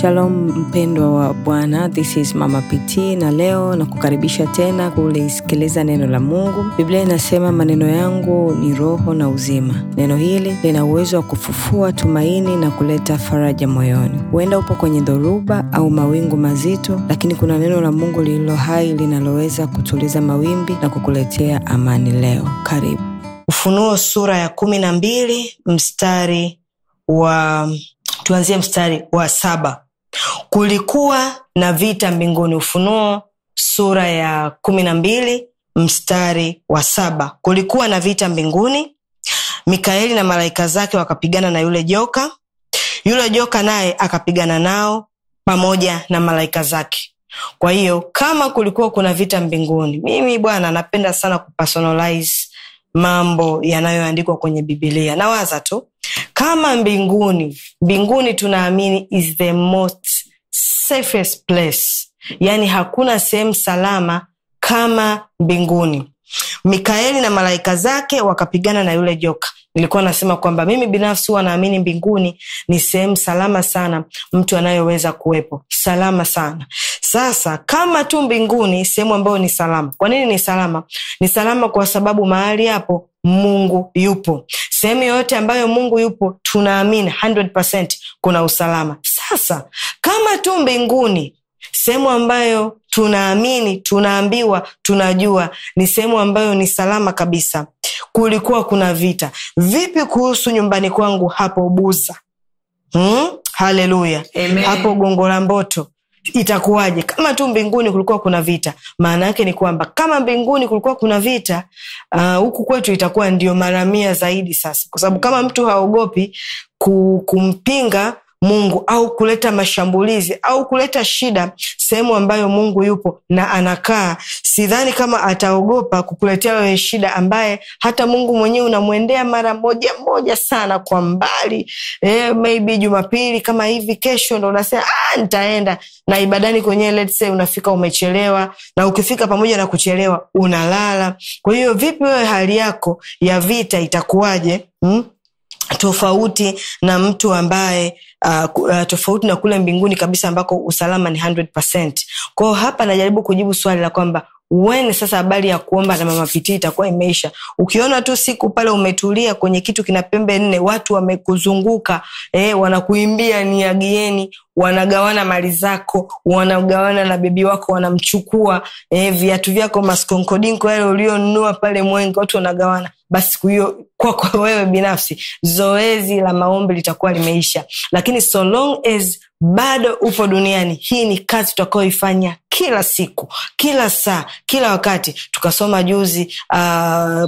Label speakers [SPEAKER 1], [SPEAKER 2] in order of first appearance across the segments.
[SPEAKER 1] Shalom mpendwa wa Bwana, this is Mama PT na leo kukaribisha tena kulisikiliza neno la Mungu. Biblia inasema maneno yangu ni roho na uzima. Neno hili lina uwezo wa kufufua tumaini na kuleta faraja moyoni. Huenda upo kwenye dhoruba au mawingu mazito, lakini kuna neno la Mungu lililo hai linaloweza kutuliza mawimbi na kukuletea amani leo. Karibu Ufunuo sura ya kumi na mbili mstari wa tuanzie mstari wa saba kulikuwa na vita mbinguni ufunuo sura ya kumi na mbili mstari wa saba kulikuwa na vita mbinguni mikaeli na malaika zake wakapigana na yule joka yule joka naye akapigana nao pamoja na malaika zake kwa hiyo kama kulikuwa kuna vita mbinguni mimi bwana napenda sana kupersonalize mambo yanayoandikwa kwenye bibilia nawaza tu kama mbinguni mbinguni tunaamini is the most safest place yaani hakuna sehemu salama kama mbinguni mikaeli na malaika zake wakapigana na yule joka nilikuwa nasema kwamba mimi binafsi huwa naamini mbinguni ni sehemu salama sana mtu anayeweza kuwepo salama sana sasa kama tu mbinguni sehemu ambayo ni salama kwa nini ni salama ni salama kwa sababu mahali hapo mungu yupo sehemu yoyote ambayo mungu yupo tunaamini 100 kuna usalama sasa kama tu mbinguni sehemu ambayo tunaamini tunaambiwa tunajua ni sehemu ambayo ni salama kabisa kulikuwa kuna vita vipi kuhusu nyumbani kwangu hapo buza hmm? haleluya hapo gongo la mboto itakuwaje kama tu mbinguni kulikuwa kuna vita maana yake ni kwamba kama mbinguni kulikuwa kuna vita uh, huku uh, kwetu itakuwa ndio mara mia zaidi sasa kwa sababu kama mtu haogopi kumpinga Mungu au kuleta mashambulizi au kuleta shida sehemu ambayo Mungu yupo na anakaa, sidhani kama ataogopa kukuletea wewe shida ambaye hata Mungu mwenyewe unamwendea mara moja moja sana kwa mbali. Eh, maybe Jumapili kama hivi, kesho ndo unasema ah, nitaenda na ibadani kwenyewe, let's say unafika umechelewa, na ukifika pamoja na kuchelewa unalala. Kwa hiyo vipi wewe hali yako ya vita itakuwaje? Hmm? tofauti na mtu ambaye uh, uh, tofauti na kule mbinguni kabisa ambako usalama ni 100%. Kwao hapa najaribu kujibu swali la kwamba wene sasa habari ya kuomba na mamapitii itakuwa imeisha. Ukiona tu siku pale umetulia kwenye kitu kina pembe nne, watu wamekuzunguka eh, wanakuimbia niagieni, wanagawana mali zako, wanagawana na bebi wako, wanamchukua eh, viatu vyako maskonkodinko yale ulionunua pale Mwenga, watu wanagawana, basi siku hiyo kwako kwa wewe binafsi zoezi la maombi litakuwa limeisha lakini so long as bado upo duniani hii ni kazi tutakaoifanya kila siku kila saa kila wakati tukasoma juzi uh,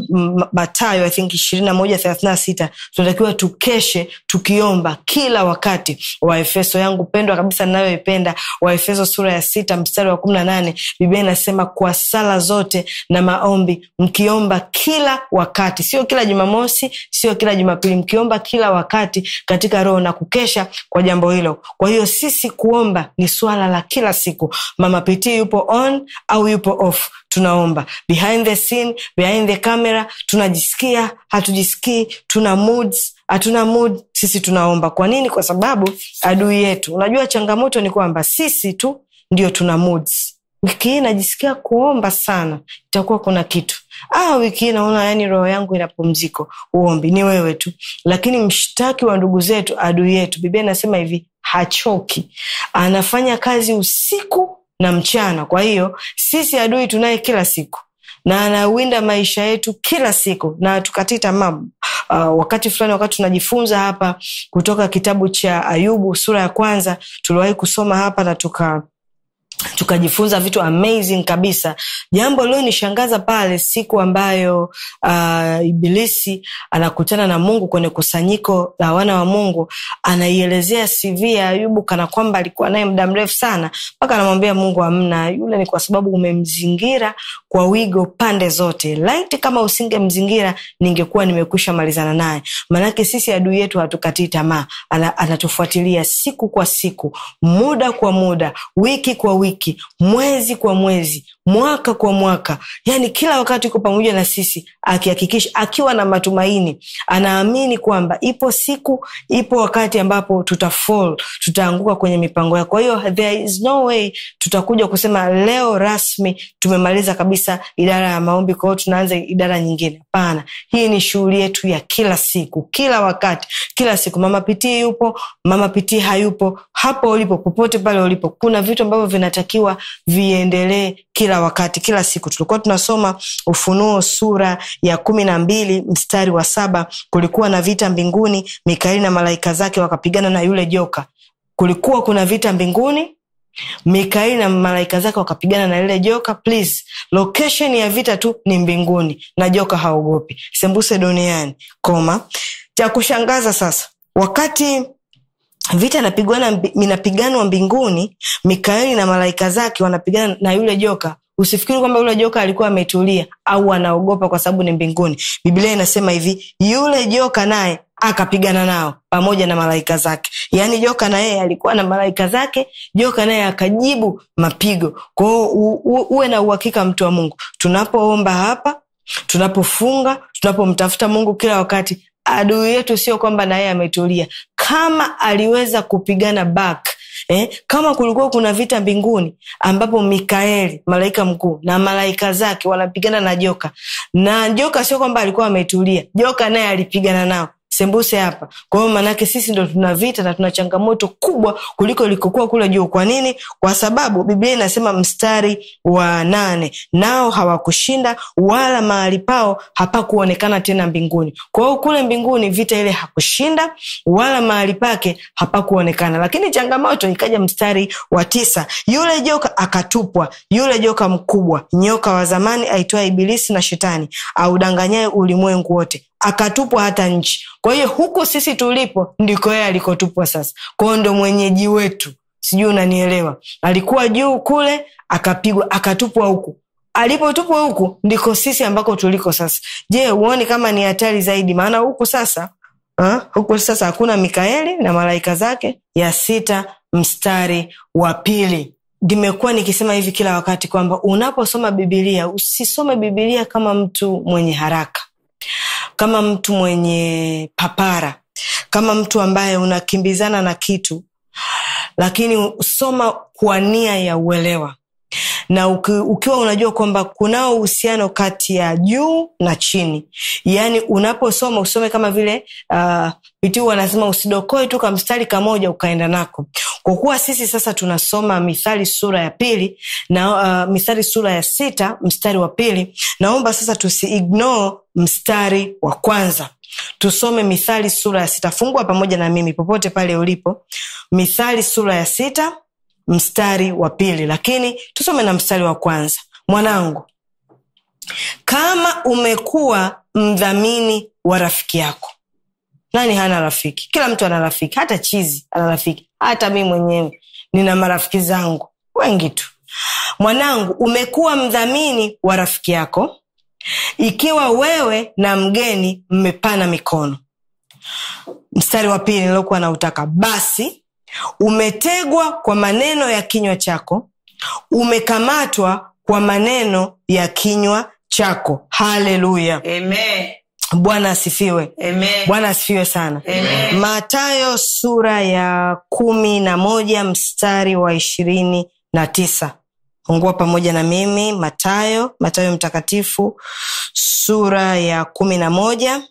[SPEAKER 1] matayo i think ishirini na moja thelathini na sita tunatakiwa tukeshe tukiomba kila wakati waefeso yangu pendwa kabisa ninayoipenda waefeso sura ya sita mstari wa kumi na nane bibia inasema kwa sala zote na maombi mkiomba kila wakati sio kila jumamosi Jumamosi, sio kila Jumapili, mkiomba kila wakati katika roho na kukesha kwa jambo hilo. Kwa hiyo sisi kuomba ni swala la kila siku. Mama Pitii yupo on au yupo off, tunaomba behind the scene, behind the camera, tunajisikia hatujisikii, tuna moods hatuna mood, sisi tunaomba. Kwa nini? Kwa sababu adui yetu, unajua changamoto ni kwamba sisi tu ndio tuna moods wiki hii najisikia kuomba sana, itakuwa kuna kitu ah, wiki hii naona yani roho yangu ina pumziko. Uombi ni wewe tu, lakini mshtaki wa ndugu zetu, adui yetu, Biblia inasema hivi, hachoki, anafanya kazi usiku na mchana. Kwa hiyo sisi adui tunaye kila siku na anawinda maisha yetu kila siku, na tukati tamaa. Uh, wakati fulani, wakati tunajifunza hapa kutoka kitabu cha Ayubu sura ya kwanza, tuliwahi kusoma hapa na tuka tukajifunza vitu amazing kabisa. Jambo lilonishangaza pale siku ambayo uh, Ibilisi anakutana na Mungu kwenye kusanyiko la wana wa Mungu, anaielezea CV ya Ayubu kana kwamba alikuwa naye muda mrefu sana, mpaka anamwambia Mungu, amna yule, ni kwa sababu umemzingira kwa wigo pande zote. Laiti kama usingemzingira ningekuwa nimekwisha malizana naye, maanake sisi adui yetu hatukatii tamaa, anatufuatilia siku kwa siku, muda kwa muda, wiki kwa wiki wiki mwezi kwa mwezi mwaka kwa mwaka, yani kila wakati uko pamoja na sisi, akihakikisha akiwa na matumaini, anaamini kwamba ipo siku, ipo wakati ambapo tutafall, tutaanguka kwenye mipango yao Kwa hiyo there is no way tutakuja kusema leo rasmi tumemaliza kabisa idara ya maombi, kwa hiyo tunaanza idara nyingine. Hapana, hii ni shughuli yetu ya kila siku, kila wakati, kila siku. Mama Pitii yupo, Mama Pitii hayupo. Hapo ulipo, popote pale ulipo, kuna vitu ambavyo vinatakiwa viendelee kila wakati, kila siku. Tulikuwa tunasoma Ufunuo sura ya kumi na mbili mstari wa saba kulikuwa na vita mbinguni, Mikaeli na malaika zake wakapigana na yule joka. Kulikuwa kuna vita mbinguni Mikaeli na malaika zake wakapigana na lile joka. Please, location ya vita tu ni mbinguni na joka haogopi, sembuse duniani koma. Cha kushangaza sasa, wakati vita napigana inapiganwa mbinguni, Mikaeli na malaika zake wanapigana na yule joka. Usifikiri kwamba yule joka alikuwa ametulia au anaogopa kwa sababu ni mbinguni. Biblia inasema hivi, yule joka naye akapigana nao pamoja na malaika zake. Yaani joka na yeye alikuwa na malaika zake, joka naye akajibu mapigo. kwao uwe na uhakika, mtu wa Mungu, tunapoomba hapa, tunapofunga, tunapomtafuta Mungu kila wakati adui yetu sio kwamba naye ametulia kama aliweza kupigana back Eh, kama kulikuwa kuna vita mbinguni ambapo Mikaeli malaika mkuu na malaika zake wanapigana na joka, na joka sio kwamba alikuwa ametulia, joka naye alipigana nao sembuse hapa. Kwa hiyo maanake sisi ndo tuna vita na tuna changamoto kubwa kuliko ilikokuwa kule juu. Kwa nini? Kwa sababu Biblia inasema mstari wa nane, nao hawakushinda wala mahali pao hapakuonekana tena mbinguni. Kwa hiyo kule mbinguni vita ile hakushinda wala mahali pake hapakuonekana, lakini changamoto ikaja. Mstari wa tisa, yule joka akatupwa, yule joka mkubwa, nyoka wa zamani aitwaye Ibilisi na Shetani, audanganyaye ulimwengu wote akatupwa hata nchi. Kwa hiyo huku sisi tulipo ndiko yeye alikotupwa sasa. kwao ndo mwenyeji wetu, sijui unanielewa. Alikuwa juu kule, akapigwa, akatupwa huku alipotupwa huku ndiko sisi ambako tuliko sasa. Je, uoni kama ni hatari zaidi? Maana huku sasa ha? huku sasa hakuna Mikaeli na malaika zake, ya sita mstari wa pili. Nimekuwa nikisema hivi kila wakati kwamba unaposoma Bibilia usisome Bibilia kama mtu mwenye haraka kama mtu mwenye papara kama mtu ambaye unakimbizana na kitu lakini soma kwa nia ya uelewa na uki, ukiwa unajua kwamba kunao uhusiano kati ya juu na chini, yaani unaposoma usome kama vile uh, wanasema usidokoe tu mstari kamoja ukaenda nako. Kwa kuwa sisi sasa tunasoma Mithali sura ya pili na uh, Mithali sura ya sita mstari wa pili, naomba sasa tusiignore mstari wa kwanza tusome Mithali sura ya sita. Fungua pamoja na mimi popote pale ulipo, Mithali sura ya sita mstari wa pili lakini tusome na mstari wa kwanza mwanangu kama umekuwa mdhamini wa rafiki yako nani hana rafiki kila mtu ana rafiki hata chizi ana rafiki hata mi mwenyewe nina marafiki zangu wengi tu mwanangu umekuwa mdhamini wa rafiki yako ikiwa wewe na mgeni mmepana mikono mstari wa pili nilokuwa nautaka basi umetegwa kwa maneno ya kinywa chako umekamatwa kwa maneno ya kinywa chako haleluya bwana asifiwe bwana asifiwe sana Amen. matayo sura ya kumi na moja mstari wa ishirini na tisa ungua pamoja na mimi matayo matayo mtakatifu sura ya kumi na moja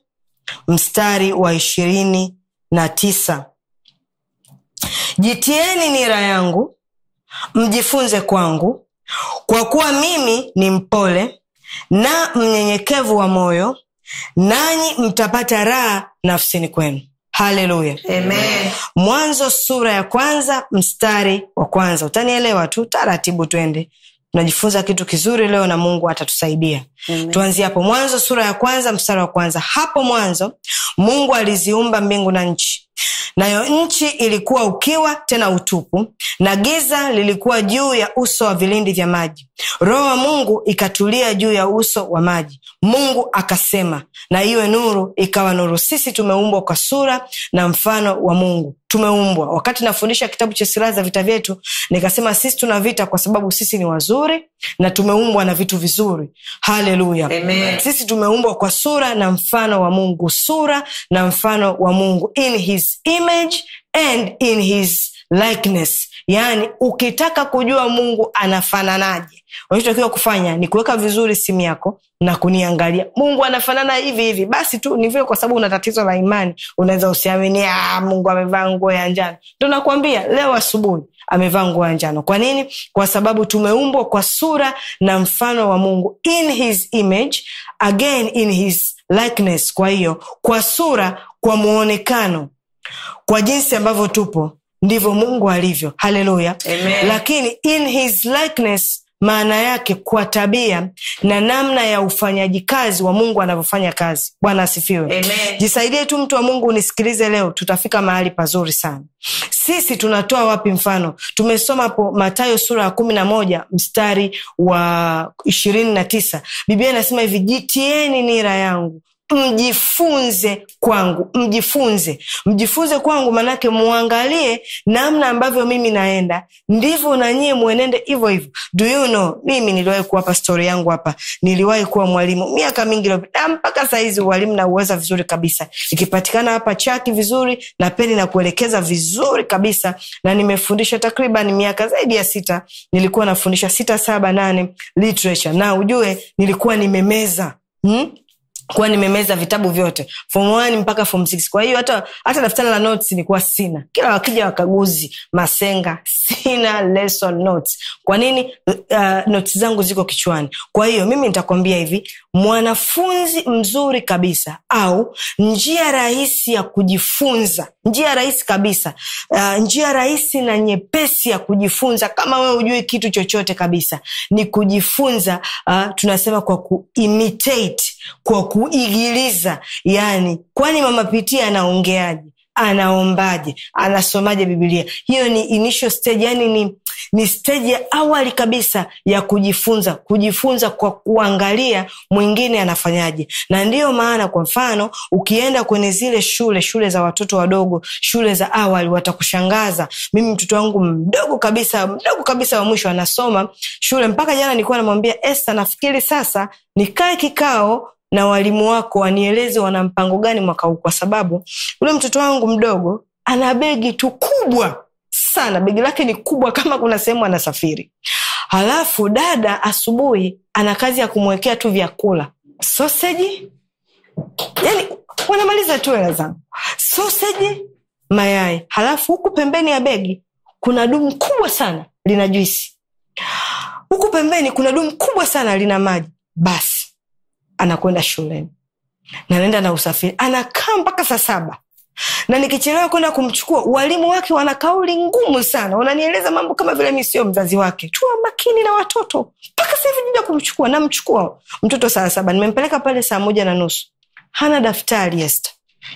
[SPEAKER 1] mstari wa ishirini na tisa jitieni nira yangu mjifunze kwangu kwa kuwa mimi ni mpole na mnyenyekevu wa moyo nanyi mtapata raha nafsini kwenu haleluya mwanzo sura ya kwanza mstari wa kwanza utanielewa tu taratibu twende tunajifunza kitu kizuri leo na mungu atatusaidia tuanzie hapo mwanzo sura ya kwanza mstara wa kwanza hapo mwanzo mungu aliziumba mbingu na nchi nayo nchi ilikuwa ukiwa tena utupu na giza lilikuwa juu ya uso wa vilindi vya maji roho wa mungu ikatulia juu ya uso wa maji mungu akasema na iwe nuru ikawa nuru sisi tumeumbwa kwa sura na mfano wa mungu tumeumbwa wakati nafundisha kitabu cha silaha za vita vyetu nikasema sisi tuna vita kwa sababu sisi ni wazuri na tumeumbwa na vitu vizuri hali Haleluya, sisi tumeumbwa kwa sura na mfano wa Mungu, sura na mfano wa Mungu, in his image and in his likeness yaani ukitaka kujua mungu anafananaje unachotakiwa kufanya ni kuweka vizuri simu yako na kuniangalia mungu anafanana hivi hivi basi tu ni vile kwa sababu una tatizo la imani unaweza usiamini ah, mungu amevaa nguo ya njano ndo nakuambia leo asubuhi amevaa nguo ya njano kwa nini kwa sababu tumeumbwa kwa sura na mfano wa mungu in his image again in his likeness kwa hiyo kwa sura kwa muonekano kwa jinsi ambavyo tupo ndivyo mungu alivyo haleluya lakini in his likeness maana yake kwa tabia na namna ya ufanyaji kazi wa mungu anavyofanya kazi bwana asifiwe jisaidie tu mtu wa mungu unisikilize leo tutafika mahali pazuri sana sisi tunatoa wapi mfano tumesoma po matayo sura ya kumi na moja mstari wa ishirini na tisa biblia inasema hivi jitieni nira yangu mjifunze kwangu mjifunze mjifunze kwangu manake muangalie namna ambavyo mimi naenda ndivyo na nyie mwenende hivo hivo do you know mimi niliwahi kuwapa stori yangu hapa niliwahi kuwa mwalimu miaka mingi iliyopita mpaka sahizi uwalimu nauweza vizuri kabisa ikipatikana hapa chaki vizuri napeni na kuelekeza vizuri kabisa na nimefundisha takriban miaka zaidi ya sita nilikuwa nafundisha sita saba nane literature na ujue nilikuwa nimemeza hmm? kuwa nimemeza vitabu vyote fom mpaka fom kwa hiyo hata hata daftari la notes nikuwa sina kila wakija wakaguzi masenga sina lesson notes kwa nini uh, notes zangu ziko kichwani kwa hiyo mimi nitakwambia hivi mwanafunzi mzuri kabisa au njia rahisi ya kujifunza njia rahisi kabisa uh, njia rahisi na nyepesi ya kujifunza kama wewe hujui kitu chochote kabisa ni kujifunza uh, tunasema kwa kuimitate kwa kuigiliza, yani kwani mama Pitia anaongeaje? Anaombaje? Anasomaje Bibilia? Hiyo ni initial stage, yani ni ni steji ya awali kabisa ya kujifunza, kujifunza kwa kuangalia mwingine anafanyaje. Na ndiyo maana kwa mfano, ukienda kwenye zile shule shule za watoto wadogo, shule za awali, watakushangaza. Mimi mtoto wangu mdogo kabisa, mdogo kabisa wa mwisho anasoma shule, mpaka jana nilikuwa namwambia Esta, nafikiri sasa nikae kikao na walimu wako wanieleze wana mpango gani mwaka huu, kwa sababu yule mtoto wangu mdogo ana begi tu kubwa sana, begi lake ni kubwa kama kuna sehemu anasafiri. Halafu dada asubuhi ana kazi ya kumwekea tu vyakula soseji, yani wanamaliza tu hela zangu, soseji, mayai. Halafu huku pembeni ya begi kuna dumu kubwa sana lina juisi, huku pembeni kuna dumu kubwa sana lina maji. Basi anakwenda shuleni na naenda na usafiri, anakaa mpaka saa saba na nikichelewa kwenda kumchukua, walimu wake wana kauli ngumu sana, wananieleza mambo kama vile mi sio mzazi wake. Tuwa makini na watoto. Mpaka sahivi jija kumchukua, namchukua mtoto saa saba, nimempeleka pale saa moja na nusu. Hana daftari est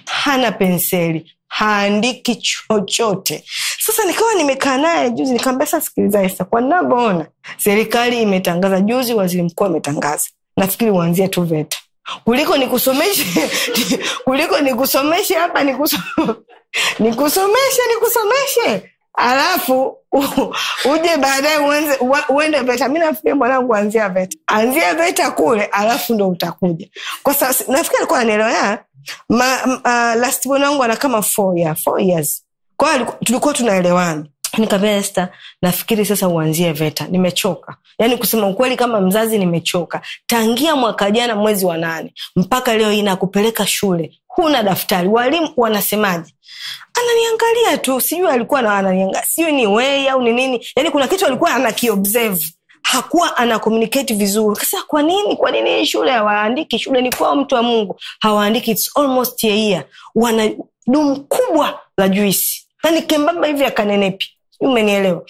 [SPEAKER 1] hana penseli, haandiki chochote. Sasa nikawa nimekaa naye juzi, nikaambia sasa, sikiliza Esta, kwa ninavyoona serikali imetangaza juzi, waziri mkuu ametangaza nafikiri uanzie tu VETA kuliko nikusomeshe kuliko nikusomeshe hapa nikusomeshe nikusomeshe, alafu uje baadaye uende VETA. Mi nafikiri mwanangu, anzia VETA, anzia VETA kule, alafu ndo utakuja kwa sasa. Nafikiri alikuwa anaelewa ma, ma, uh, last mwanangu ana kama four year, four years kwao, tulikuwa tunaelewana Nikaambia yaani Esta, nafikiri sasa uanzie VETA. Nimechoka yani, kusema ukweli, kama mzazi nimechoka. Tangia mwaka jana mwezi wa nane mpaka leo hii nakupeleka shule, huna daftari, walimu wanasemaje? Ananiangalia tu, sijui alikuwa na ananiangalia, sijui ni wei au ni nini, yani kuna kitu alikuwa anakiobserve hakuwa ana communicate vizuri. Sasa kwa nini, kwa nini shule hawaandiki? Shule ni kwao, mtu wa Mungu hawaandiki. It's almost a year, wana dumu kubwa la juisi yani kembamba hivi akanenepi umenielewa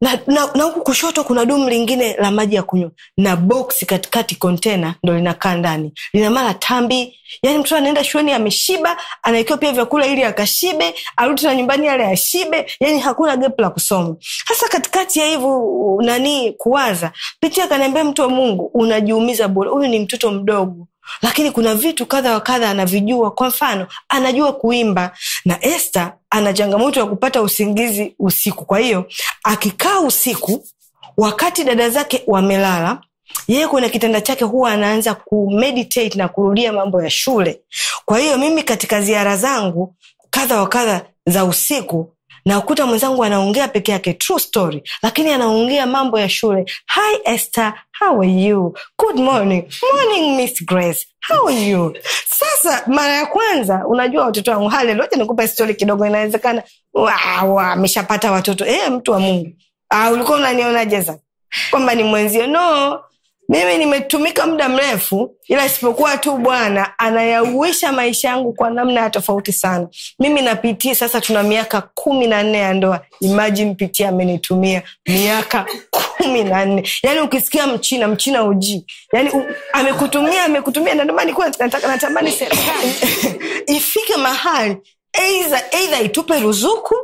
[SPEAKER 1] na, na, na huku kushoto kuna dumu lingine la maji ya kunywa na boksi katikati kontena ndo linakaa ndani lina mara tambi yani mtoto anaenda shuleni ameshiba anaekiwa pia vyakula ili akashibe arudi na nyumbani yale ashibe yani hakuna gepu la kusoma hasa katikati ya hivo nanii kuwaza pitia kaniambia mtu wa mungu unajiumiza bure huyu ni mtoto mdogo lakini kuna vitu kadha wa kadha anavijua kwa mfano anajua kuimba na este ana changamoto ya kupata usingizi usiku kwa hiyo akikaa usiku wakati dada zake wamelala yeye kwenye kitanda chake huwa anaanza kumeditate na kurudia mambo ya shule kwa hiyo mimi katika ziara zangu kadha wa kadha za usiku nakuta mwenzangu anaongea peke yake, true story, lakini anaongea mambo ya shule. Hi Esther, how are you? Good morning. Morning Miss Grace, how are you? Sasa mara ya kwanza, unajua watoto wangu, haleluya, nikupa stori kidogo, inawezekana ameshapata watoto. E, mtu wa Mungu, ah, ulikuwa unanionaje sasa kwamba ni mwenzio? No, mimi nimetumika muda mrefu, ila isipokuwa tu Bwana anayauisha maisha yangu kwa namna ya tofauti sana. Mimi napitia sasa, tuna miaka kumi na nne ya ndoa. Imagine pitia amenitumia miaka kumi na nne. Yani ukisikia mchina mchina uji, yani amekutumia amekutumia, na ndomani nataka natamani serikali ifike mahali, eidha eidha itupe ruzuku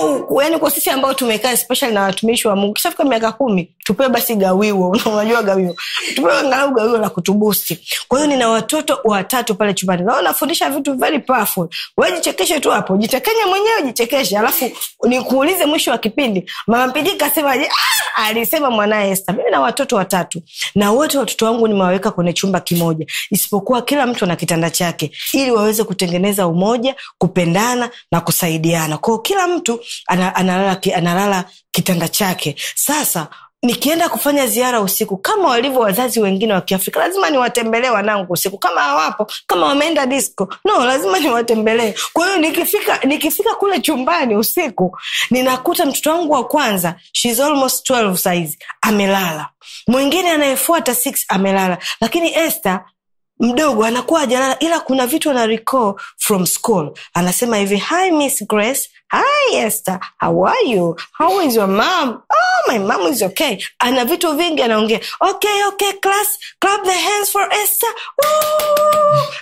[SPEAKER 1] au yani kwa sisi ambao tumekaa especially na watumishi wa mungu kishafika miaka kumi tupewe basi gawiwo unajua gawiwo tupewe angalau gawiwo la kutubusti kwa hiyo nina watoto watatu pale chumbani nao nafundisha vitu very powerful we jichekeshe tu hapo jitekenye mwenyewe jichekeshe alafu nikuulize mwisho wa kipindi mama asema kasema ah! alisema mwanaye esta mimi na watoto watatu na wote watoto wangu nimewaweka kwenye chumba kimoja isipokuwa kila mtu ana kitanda chake ili waweze kutengeneza umoja kupendana na kusaidiana kwao kila mtu analala, analala kitanda chake sasa nikienda kufanya ziara usiku kama walivyo wazazi wengine wa kiafrika lazima niwatembelee wanangu usiku kama hawapo kama wameenda disco no lazima niwatembelee kwa hiyo nikifika nikifika kule chumbani usiku ninakuta mtoto wangu wa kwanza shes almost 12 saizi amelala mwingine anayefuata 6 amelala lakini este mdogo anakuwa ajalala ila kuna vitu ana recall from school anasema hivi hi miss grace Hi Esther, how are you? How is your mom? Oh, my mom is okay. Ana vitu vingi anaongea. Okay, okay, class, clap the hands for Esther.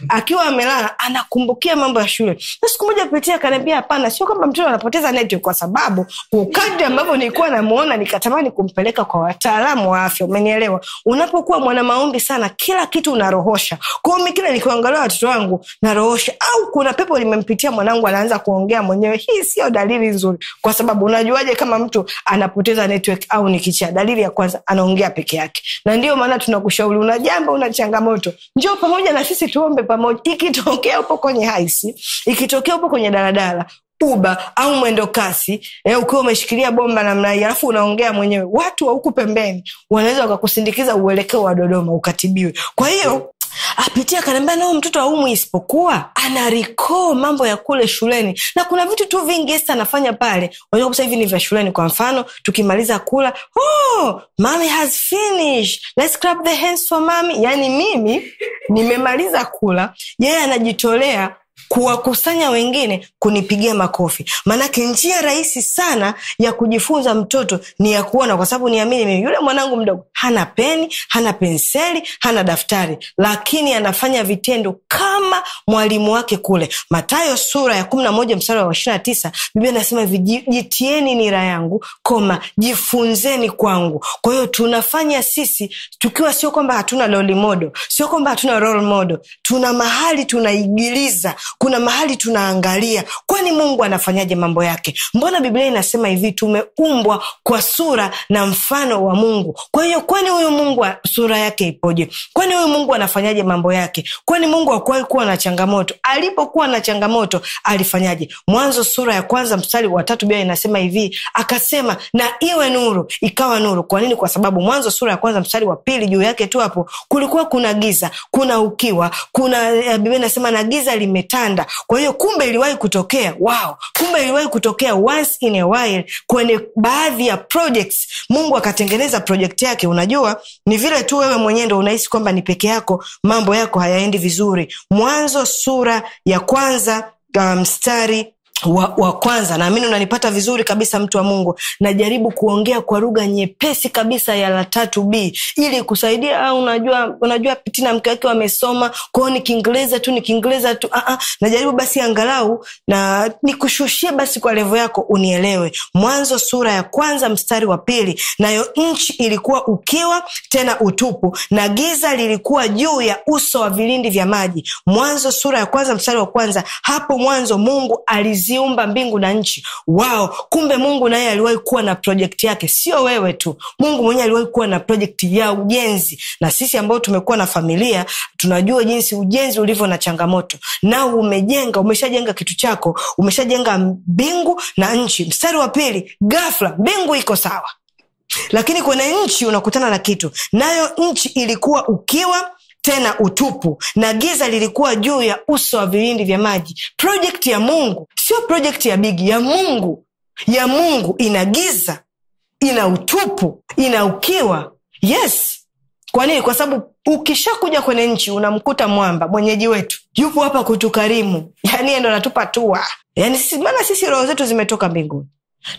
[SPEAKER 1] Akiwa amelala anakumbukia mambo ya shule. Na siku moja pitia akaniambia hapana, sio kwamba mtoto anapoteza neti kwa sababu ukadri ambavyo nilikuwa namuona nikatamani kumpeleka kwa wataalamu wa afya, umenielewa? Unapokuwa mwana maombi sana, kila kitu unarohosha. Kwa hiyo kila nikiangalia watoto wangu narohosha au kuna pepo limempitia mwanangu anaanza kuongea mwenyewe. Hii sio dalili nzuri, kwa sababu unajuaje kama mtu anapoteza network au ni kichaa? Dalili ya kwanza anaongea peke yake, na ndio maana tunakushauri, una jambo, una changamoto, njoo pamoja na sisi tuombe pamoja. Ikitokea upo kwenye haisi, ikitokea upo kwenye daladala uba au mwendo kasi eh, ukiwa umeshikilia bomba namna hii, alafu unaongea mwenyewe, watu wa huku pembeni wanaweza wakakusindikiza uelekeo wa Dodoma ukatibiwe. Kwa hiyo apitia akaniambia nao mtoto aumwi isipokuwa anarikoo mambo ya kule shuleni na kuna vitu tu vingi esa anafanya pale unajua hivi ni vya shuleni kwa mfano tukimaliza kula oh, yani mimi nimemaliza kula yeye anajitolea kuwakusanya wengine kunipigia makofi maanake njia rahisi sana ya kujifunza mtoto ni ya kuona kwa sababu niamini mimi yule mwanangu mdogo hana peni hana penseli hana daftari lakini anafanya vitendo kama mwalimu wake kule matayo sura ya kumi na moja mstari wa na tisa biblia anasema jitieni nira yangu koma jifunzeni kwangu kwa hiyo tunafanya sisi tukiwa sio kwamba hatuna lolimodo sio kwamba hatuna rolmodo tuna mahali tunaigiliza kuna mahali tunaangalia kwani mungu anafanyaje mambo yake mbona biblia inasema hivi tumeumbwa kwa sura na mfano wa mungu kwa hiyo kwani huyu mungu sura yake ipoje kwani huyu mungu anafanyaje mambo yake kwani mungu akuwai kuwa na changamoto alipokuwa na changamoto alifanyaje mwanzo sura ya kwanza mstari wa tatu bia inasema hivi akasema na iwe nuru ikawa nuru kwa nini kwa sababu mwanzo sura ya kwanza mstari wa pili juu yake tu hapo kulikuwa kuna giza kuna ukiwa kuna eh, biblia inasema na giza limet kitanda. Kwa hiyo kumbe iliwahi kutokea wow, kumbe iliwahi kutokea once in a while kwenye baadhi ya projects. Mungu akatengeneza project yake. Unajua, ni vile tu wewe mwenyewe ndo unahisi kwamba ni peke yako, mambo yako hayaendi vizuri. Mwanzo sura ya kwanza um, mstari um, wa, wa kwanza naamini unanipata vizuri kabisa mtu wa mungu najaribu kuongea kwa lugha nyepesi kabisa ya la tatu b ili kusaidia ah, unajua unajua pitina mke wake wamesoma kwao ni kiingereza tu ni kiingereza tu ah, ah. najaribu basi angalau na nikushushie basi kwa levo yako unielewe mwanzo sura ya kwanza mstari wa pili nayo nchi ilikuwa ukiwa tena utupu na giza lilikuwa juu ya uso wa vilindi vya maji mwanzo sura ya kwanza mstari wa kwanza hapo mwanzo mungu aliz aliziumba mbingu na nchi wao kumbe mungu naye aliwahi kuwa na projekti yake sio wewe tu mungu mwenyewe aliwahi kuwa na projekti ya ujenzi na sisi ambao tumekuwa na familia tunajua jinsi ujenzi ulivyo na changamoto nao umejenga umeshajenga kitu chako umeshajenga mbingu na nchi mstari wa pili gafla mbingu iko sawa lakini kwenye nchi unakutana na kitu nayo nchi ilikuwa ukiwa tena utupu, na giza lilikuwa juu ya uso wa vilindi vya maji. Projekti ya Mungu sio projekti ya Bigi, ya Mungu, ya Mungu ina giza, ina utupu, ina ukiwa. Yes. Kwa nini? Kwa sababu ukishakuja kwenye nchi unamkuta mwamba mwenyeji wetu yupo hapa kutukarimu, yani ndo anatupa tua, yani maana sisi roho zetu zimetoka mbinguni,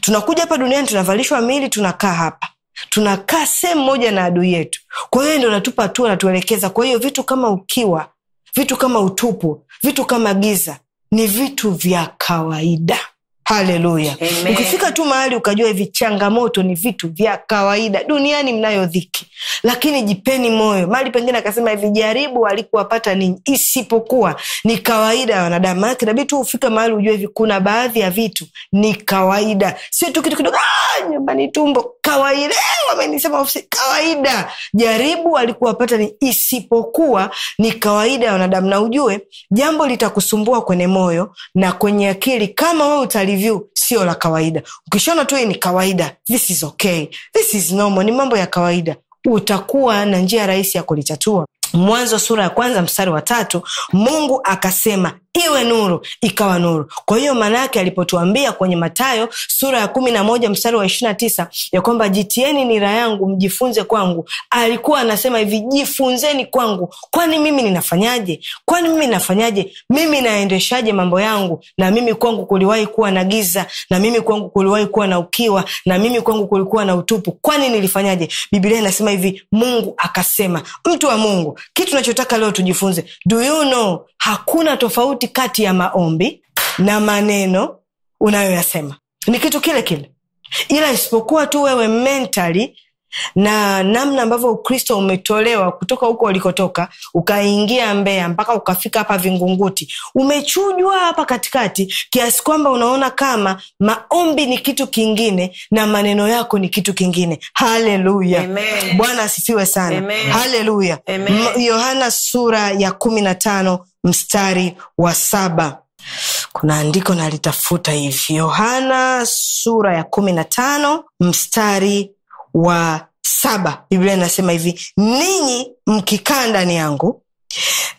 [SPEAKER 1] tunakuja hapa duniani, tunavalishwa mili, tunakaa hapa tunakaa sehemu moja na adui yetu kwa hiyo ndo natupa hatua natuelekeza kwa hiyo vitu kama ukiwa vitu kama utupu vitu kama giza ni vitu vya kawaida haleluya ukifika tu mahali ukajua hivi changamoto ni vitu vya kawaida duniani mnayo dhiki lakini jipeni moyo mali pengine akasema hivi jaribu alikuwapata ninyi isipokuwa ni kawaida ya wanadamu manake nabidi tu ufike mahali ujue hivi kuna baadhi ya vitu ni kawaida sio tu kitu kidogo ah, nyumbani tumbo kawaida eh, wamenisema ofisi kawaida jaribu alikuwapata ni isipokuwa ni kawaida ya wanadamu na ujue jambo litakusumbua kwenye moyo na kwenye akili kama we utalivyu sio la kawaida ukishona tu ni kawaida this is okay this is normal ni mambo ya kawaida utakuwa na njia rahisi ya kulitatua mwanzo sura ya kwanza mstari wa tatu mungu akasema iwe nuru ikawa nuru kwa hiyo maana yake alipotuambia kwenye matayo sura ya kumi na moja mstari wa ishirina tisa ya kwamba jitieni nira yangu mjifunze kwangu alikuwa anasema hivi jifunzeni kwangu kwani mimi ninafanyaje kwani mimi nafanyaje mimi naendeshaje mambo yangu na mimi kwangu kuliwahi kuwa na giza na mimi kwangu kuliwahi kuwa na ukiwa na mimi kwangu kulikuwa na utupu kwani nilifanyaje biblia inasema hivi mungu akasema mtu wa mungu kitu nachotaka leo tujifunze do you know hakuna tofauti kati ya maombi na maneno unayoyasema ni kitu kile kile ila isipokuwa tu wewe mentali na namna ambavyo Ukristo umetolewa kutoka huko ulikotoka ukaingia Mbeya mpaka ukafika hapa Vingunguti, umechujwa hapa katikati, kiasi kwamba unaona kama maombi ni kitu kingine na maneno yako ni kitu kingine. Haleluya, Bwana asifiwe sana. Haleluya. Yohana sura ya kumi na tano mstari wa saba kuna andiko nalitafuta hivi, Yohana sura ya kumi na tano mstari wa saba biblia inasema hivi ninyi mkikaa ndani yangu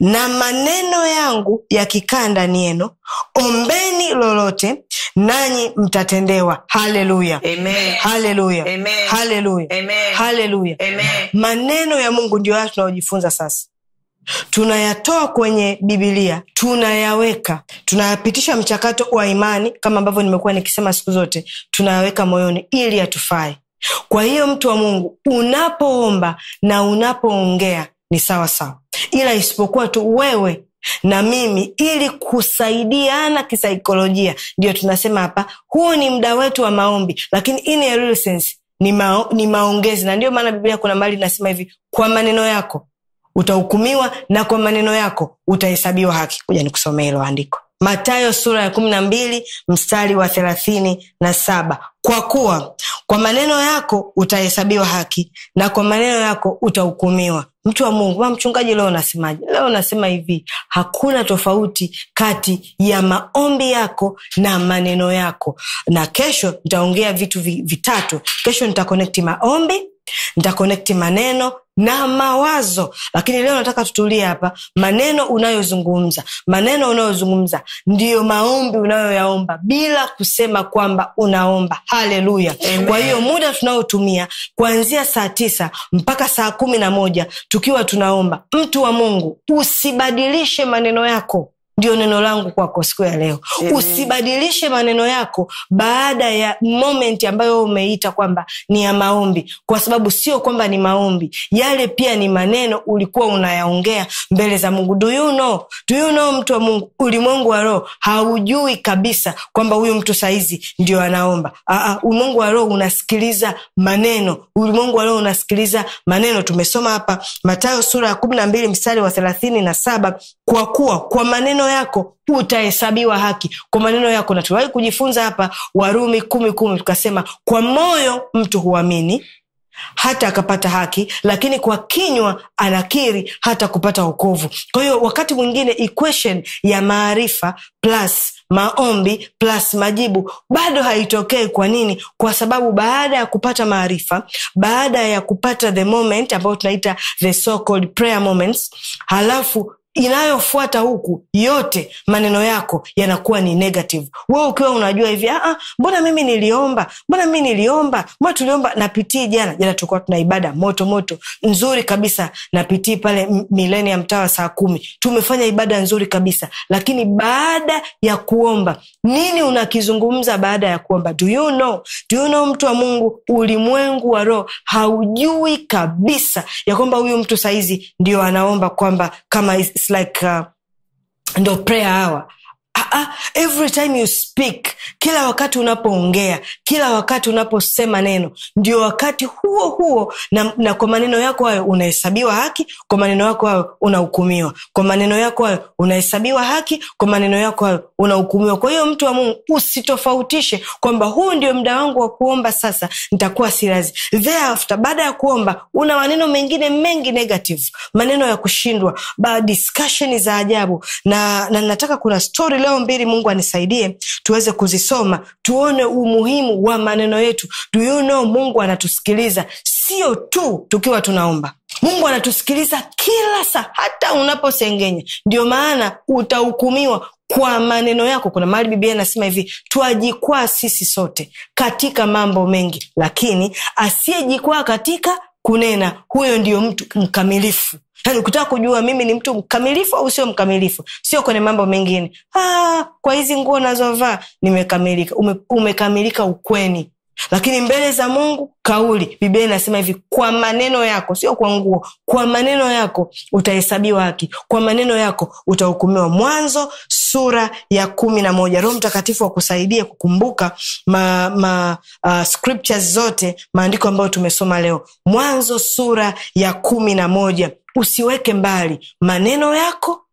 [SPEAKER 1] na maneno yangu yakikaa ndani yenu ombeni lolote nanyi mtatendewa haleluya haleluya haleluya haleluya maneno ya mungu ndio haya tunayojifunza sasa tunayatoa kwenye bibilia tunayaweka tunayapitisha mchakato wa imani kama ambavyo nimekuwa nikisema siku zote tunayaweka moyoni ili yatufae kwa hiyo mtu wa Mungu, unapoomba na unapoongea ni sawa sawa, ila isipokuwa tu wewe na mimi ili kusaidiana kisaikolojia, ndio tunasema hapa, huu ni mda wetu wa maombi, lakini in ni, mao, ni maongezi. Na ndio maana Biblia kuna mali inasema hivi, kwa maneno yako utahukumiwa na kwa maneno yako utahesabiwa haki. Kuja nikusomea hilo andiko. Matayo sura ya kumi na mbili mstari wa thelathini na saba kwa kuwa kwa maneno yako utahesabiwa haki na kwa maneno yako utahukumiwa. Mtu wa Mungu ma mchungaji, leo unasemaje? Leo unasema hivi, hakuna tofauti kati ya maombi yako na maneno yako. Na kesho nitaongea vitu vitatu. Kesho nitakonekti maombi, nitakonekti maneno na mawazo. Lakini leo nataka tutulie hapa. Maneno unayozungumza, maneno unayozungumza ndiyo maombi unayoyaomba bila kusema kwamba unaomba. Haleluya! Kwa hiyo muda tunaotumia kuanzia saa tisa mpaka saa kumi na moja tukiwa tunaomba, mtu wa Mungu, usibadilishe maneno yako ndio neno langu kwako siku ya leo Amen. usibadilishe maneno yako baada ya momenti ambayo umeita kwamba ni ya maombi kwa sababu sio kwamba ni maombi yale pia ni maneno ulikuwa unayaongea mbele za mungu do you know? do you know mtu wa mungu ulimwengu wa roho haujui kabisa kwamba huyu mtu saizi ndio anaomba ulimwengu wa roho unasikiliza maneno ulimwengu wa roho unasikiliza maneno tumesoma hapa matayo sura ya kumi na mbili mstari wa thelathini na saba kwa kuwa kwa maneno maneno yako utahesabiwa haki kwa maneno yako na tuliwahi kujifunza hapa warumi kumi kumi tukasema kwa moyo mtu huamini hata akapata haki lakini kwa kinywa anakiri hata kupata okovu kwa hiyo wakati mwingine equation ya maarifa plus maombi plus majibu bado haitokei kwa nini kwa sababu baada ya kupata maarifa baada ya kupata the moment ambayo tunaita the so-called prayer moments halafu inayofuata huku yote maneno yako yanakuwa ni negative. We ukiwa unajua hivi, ah, ah, mbona mimi niliomba, mbona mimi niliomba, mbona tuliomba. Napitii jana jana, tulikuwa tuna ibada moto moto nzuri kabisa, napitii pale ya mtawa saa kumi, tumefanya ibada nzuri kabisa, lakini baada ya kuomba nini unakizungumza baada ya kuomba? Do you know? Do you know, mtu wa Mungu, ulimwengu wa roho haujui kabisa ya kwamba huyu mtu sahizi ndio anaomba kwamba kama it's like uh, end of prayer hour. Aa, ah, ah, every time you speak, kila wakati unapoongea, kila wakati unaposema neno, ndio wakati huo huo na, na kwa maneno yako hayo unahesabiwa haki, kwa maneno yako hayo unahukumiwa, kwa maneno yako hayo unahesabiwa haki, kwa maneno yako hayo unahukumiwa. Kwa hiyo mtu wa Mungu usitofautishe kwamba huu ndio mda wangu wa kuomba, sasa nitakuwa sirazi. Thereafter, baada ya kuomba una maneno mengine mengi negative, maneno ya kushindwa, discussion za ajabu na, na nataka kuna story leo mbili mungu anisaidie tuweze kuzisoma tuone umuhimu wa maneno yetu do you know mungu anatusikiliza sio tu tukiwa tunaomba mungu anatusikiliza kila saa hata unaposengenya ndio maana utahukumiwa kwa maneno yako kuna mahali bibia inasema hivi twajikwaa sisi sote katika mambo mengi lakini asiyejikwaa katika kunena huyo ndio mtu mkamilifu yani ukitaka kujua mimi ni mtu mkamilifu au sio mkamilifu sio kwenye mambo mengine ah, kwa hizi nguo nazovaa nimekamilika ume, umekamilika ukweni lakini mbele za mungu kauli biblia inasema hivi kwa maneno yako sio kwa nguo kwa maneno yako utahesabiwa haki kwa maneno yako utahukumiwa mwanzo sura ya kumi na moja roho mtakatifu wakusaidia kukumbuka ma, ma, uh, scriptures zote maandiko ambayo tumesoma leo mwanzo sura ya kumi na moja usiweke mbali maneno yako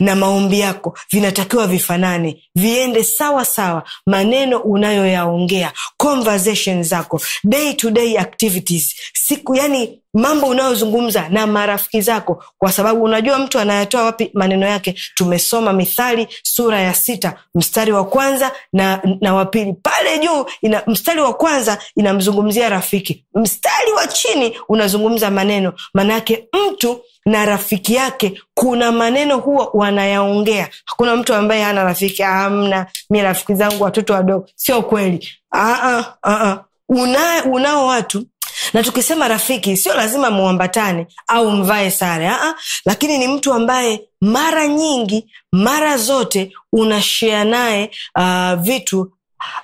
[SPEAKER 1] na maombi yako vinatakiwa vifanane, viende sawa sawa. Maneno unayoyaongea, conversation zako, day to day activities, siku yani mambo unayozungumza na marafiki zako, kwa sababu unajua mtu anayatoa wapi maneno yake. Tumesoma Mithali sura ya sita mstari wa kwanza na, na wapili pale juu ina, mstari wa kwanza inamzungumzia rafiki, mstari wa chini unazungumza maneno. maanayake mtu na rafiki yake kuna maneno huwa wanayaongea. Hakuna mtu ambaye hana rafiki. Amna, mi rafiki zangu watoto wadogo, sio kweli. Ah, ah, ah, unao Una, watu na tukisema rafiki sio lazima muambatane au mvae sare Aa, ah, ah. lakini ni mtu ambaye mara nyingi mara zote unashea naye uh, vitu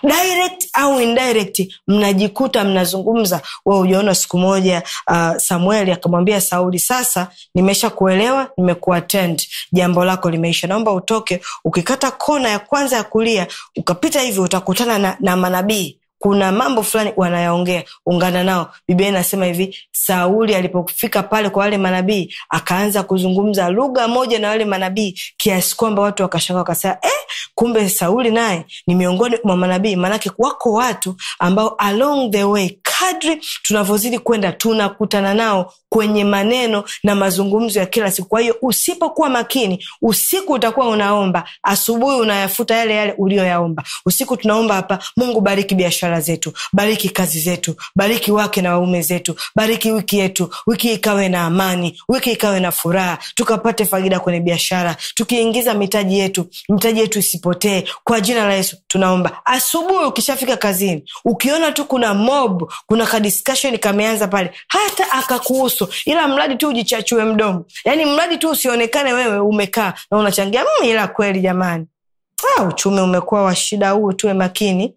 [SPEAKER 1] direct au indirect mnajikuta mnazungumza we ujaona siku moja uh, samueli akamwambia sauli sasa nimesha kuelewa nimekuatend jambo lako limeisha naomba utoke ukikata kona ya kwanza ya kulia ukapita hivi utakutana na, na manabii kuna mambo fulani wanayaongea, ungana nao. Biblia inasema hivi, Sauli alipofika pale kwa wale manabii akaanza kuzungumza lugha moja na wale manabii, kiasi kwamba watu wakashanga, wakasema eh, kumbe Sauli naye ni miongoni mwa manabii. Maanake wako watu ambao along the way, kadri tunavyozidi kwenda tunakutana nao kwenye maneno na mazungumzo ya kila siku. Kwa hiyo usipokuwa makini, usiku utakuwa unaomba, asubuhi unayafuta yale yale uliyoyaomba. Usiku tunaomba hapa, Mungu bariki biashara zetu, bariki kazi zetu, bariki wake na waume zetu, bariki wiki yetu, wiki ikawe na amani, wiki ikawe na furaha, tukapate faida kwenye biashara, tukiingiza mitaji yetu, mitaji yetu isipotee kwa jina la Yesu. Tunaomba asubuhi, ukishafika kazini, ukiona tu kuna mob, kuna kadiskasheni kameanza pale, hata akakuhusu uso, ila mradi tu ujichachue mdomo, yani mradi tu usionekane wewe umekaa na unachangia mm, ila kweli jamani, ah, uchumi umekuwa wa shida huo, tuwe makini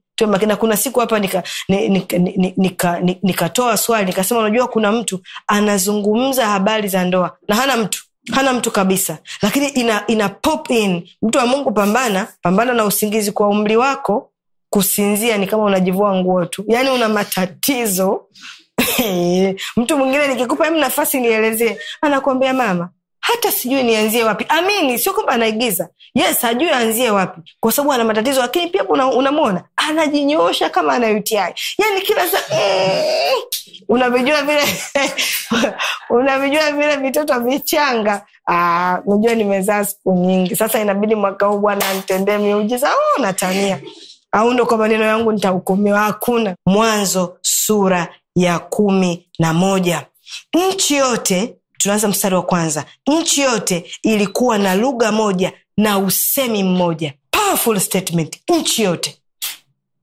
[SPEAKER 1] Na kuna siku hapa nikatoa nika, nika, nika, nika swali nikasema, unajua kuna mtu anazungumza habari za ndoa na hana mtu hana mtu kabisa, lakini ina, ina pop in. Mtu wa Mungu, pambana pambana na usingizi. Kwa umri wako kusinzia ni kama unajivua nguo tu, yani una matatizo mtu mwingine nikikupa hem nafasi nielezee, anakuambia mama, hata sijui nianzie wapi. Amini, sio kwamba anaigiza. Yes, ajui aanzie wapi, kwa sababu ana matatizo, lakini pia unamwona anajinyoosha kama ana UTI, yani kila sa eh, unavijua vile unavijua vile vitoto vichanga. Ah, Najua nimezaa siku nyingi sasa, inabidi mwaka huu Bwana nitendee miujiza. Oh, natania au ndo kwa maneno yangu nitahukumiwa? Hakuna. Mwanzo sura ya kumi na moja nchi yote tunaanza mstari wa kwanza nchi yote ilikuwa na lugha moja na usemi mmoja powerful statement nchi yote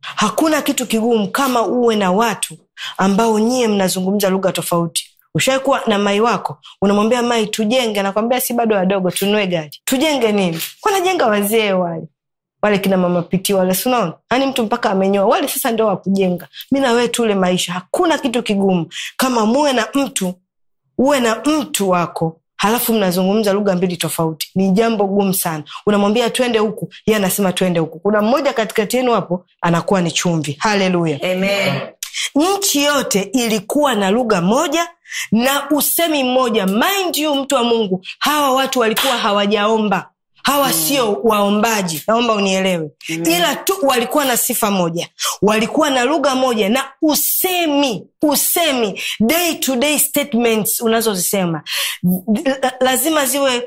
[SPEAKER 1] hakuna kitu kigumu kama uwe na watu ambao nyie mnazungumza lugha tofauti kuwa na mai wako unamwambia mai tujenge nakwambia si bado wadogo tunue gari tujenge nini kwanajenga wazee wale wale kina mama piti wale, si unaona, yani mtu mpaka amenyoa wale, sasa ndio wakujenga. Mi na wewe tule maisha, hakuna kitu kigumu kama muwe na mtu uwe na mtu wako halafu mnazungumza lugha mbili tofauti, ni jambo gumu sana. Unamwambia twende huku, y anasema twende huku. Kuna mmoja katikati yenu hapo anakuwa ni chumvi. Haleluya, Nchi yote ilikuwa na lugha moja na usemi mmoja. Mind you, mtu wa Mungu, hawa watu walikuwa hawajaomba hawa mm. sio waombaji naomba unielewe mm. ila tu walikuwa na sifa moja walikuwa na lugha moja na usemi usemi day to day statements unazozisema lazima ziwe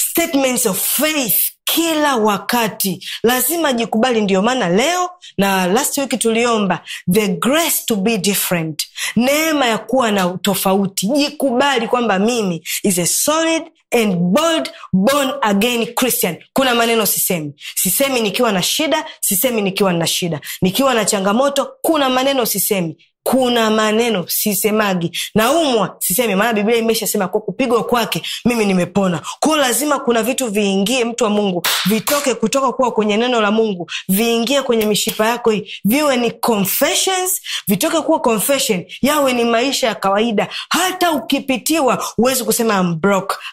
[SPEAKER 1] statements of faith kila wakati lazima jikubali ndiyo maana leo na last week tuliomba the grace to be different neema ya kuwa na tofauti jikubali kwamba mimi is a solid and bold born again christian kuna maneno sisemi sisemi nikiwa na shida sisemi nikiwa na shida nikiwa na changamoto kuna maneno sisemi kuna maneno sisemagi, naumwa sisemi, maana Biblia imeshasema kwa kupigwa kwake mimi nimepona. Kwao lazima kuna vitu viingie, mtu wa Mungu, vitoke kutoka kuwa kwenye neno la Mungu, viingie kwenye mishipa yako hii, viwe ni confessions, vitoke kuwa confession, yawe ni maisha ya kawaida. Hata ukipitiwa huwezi kusema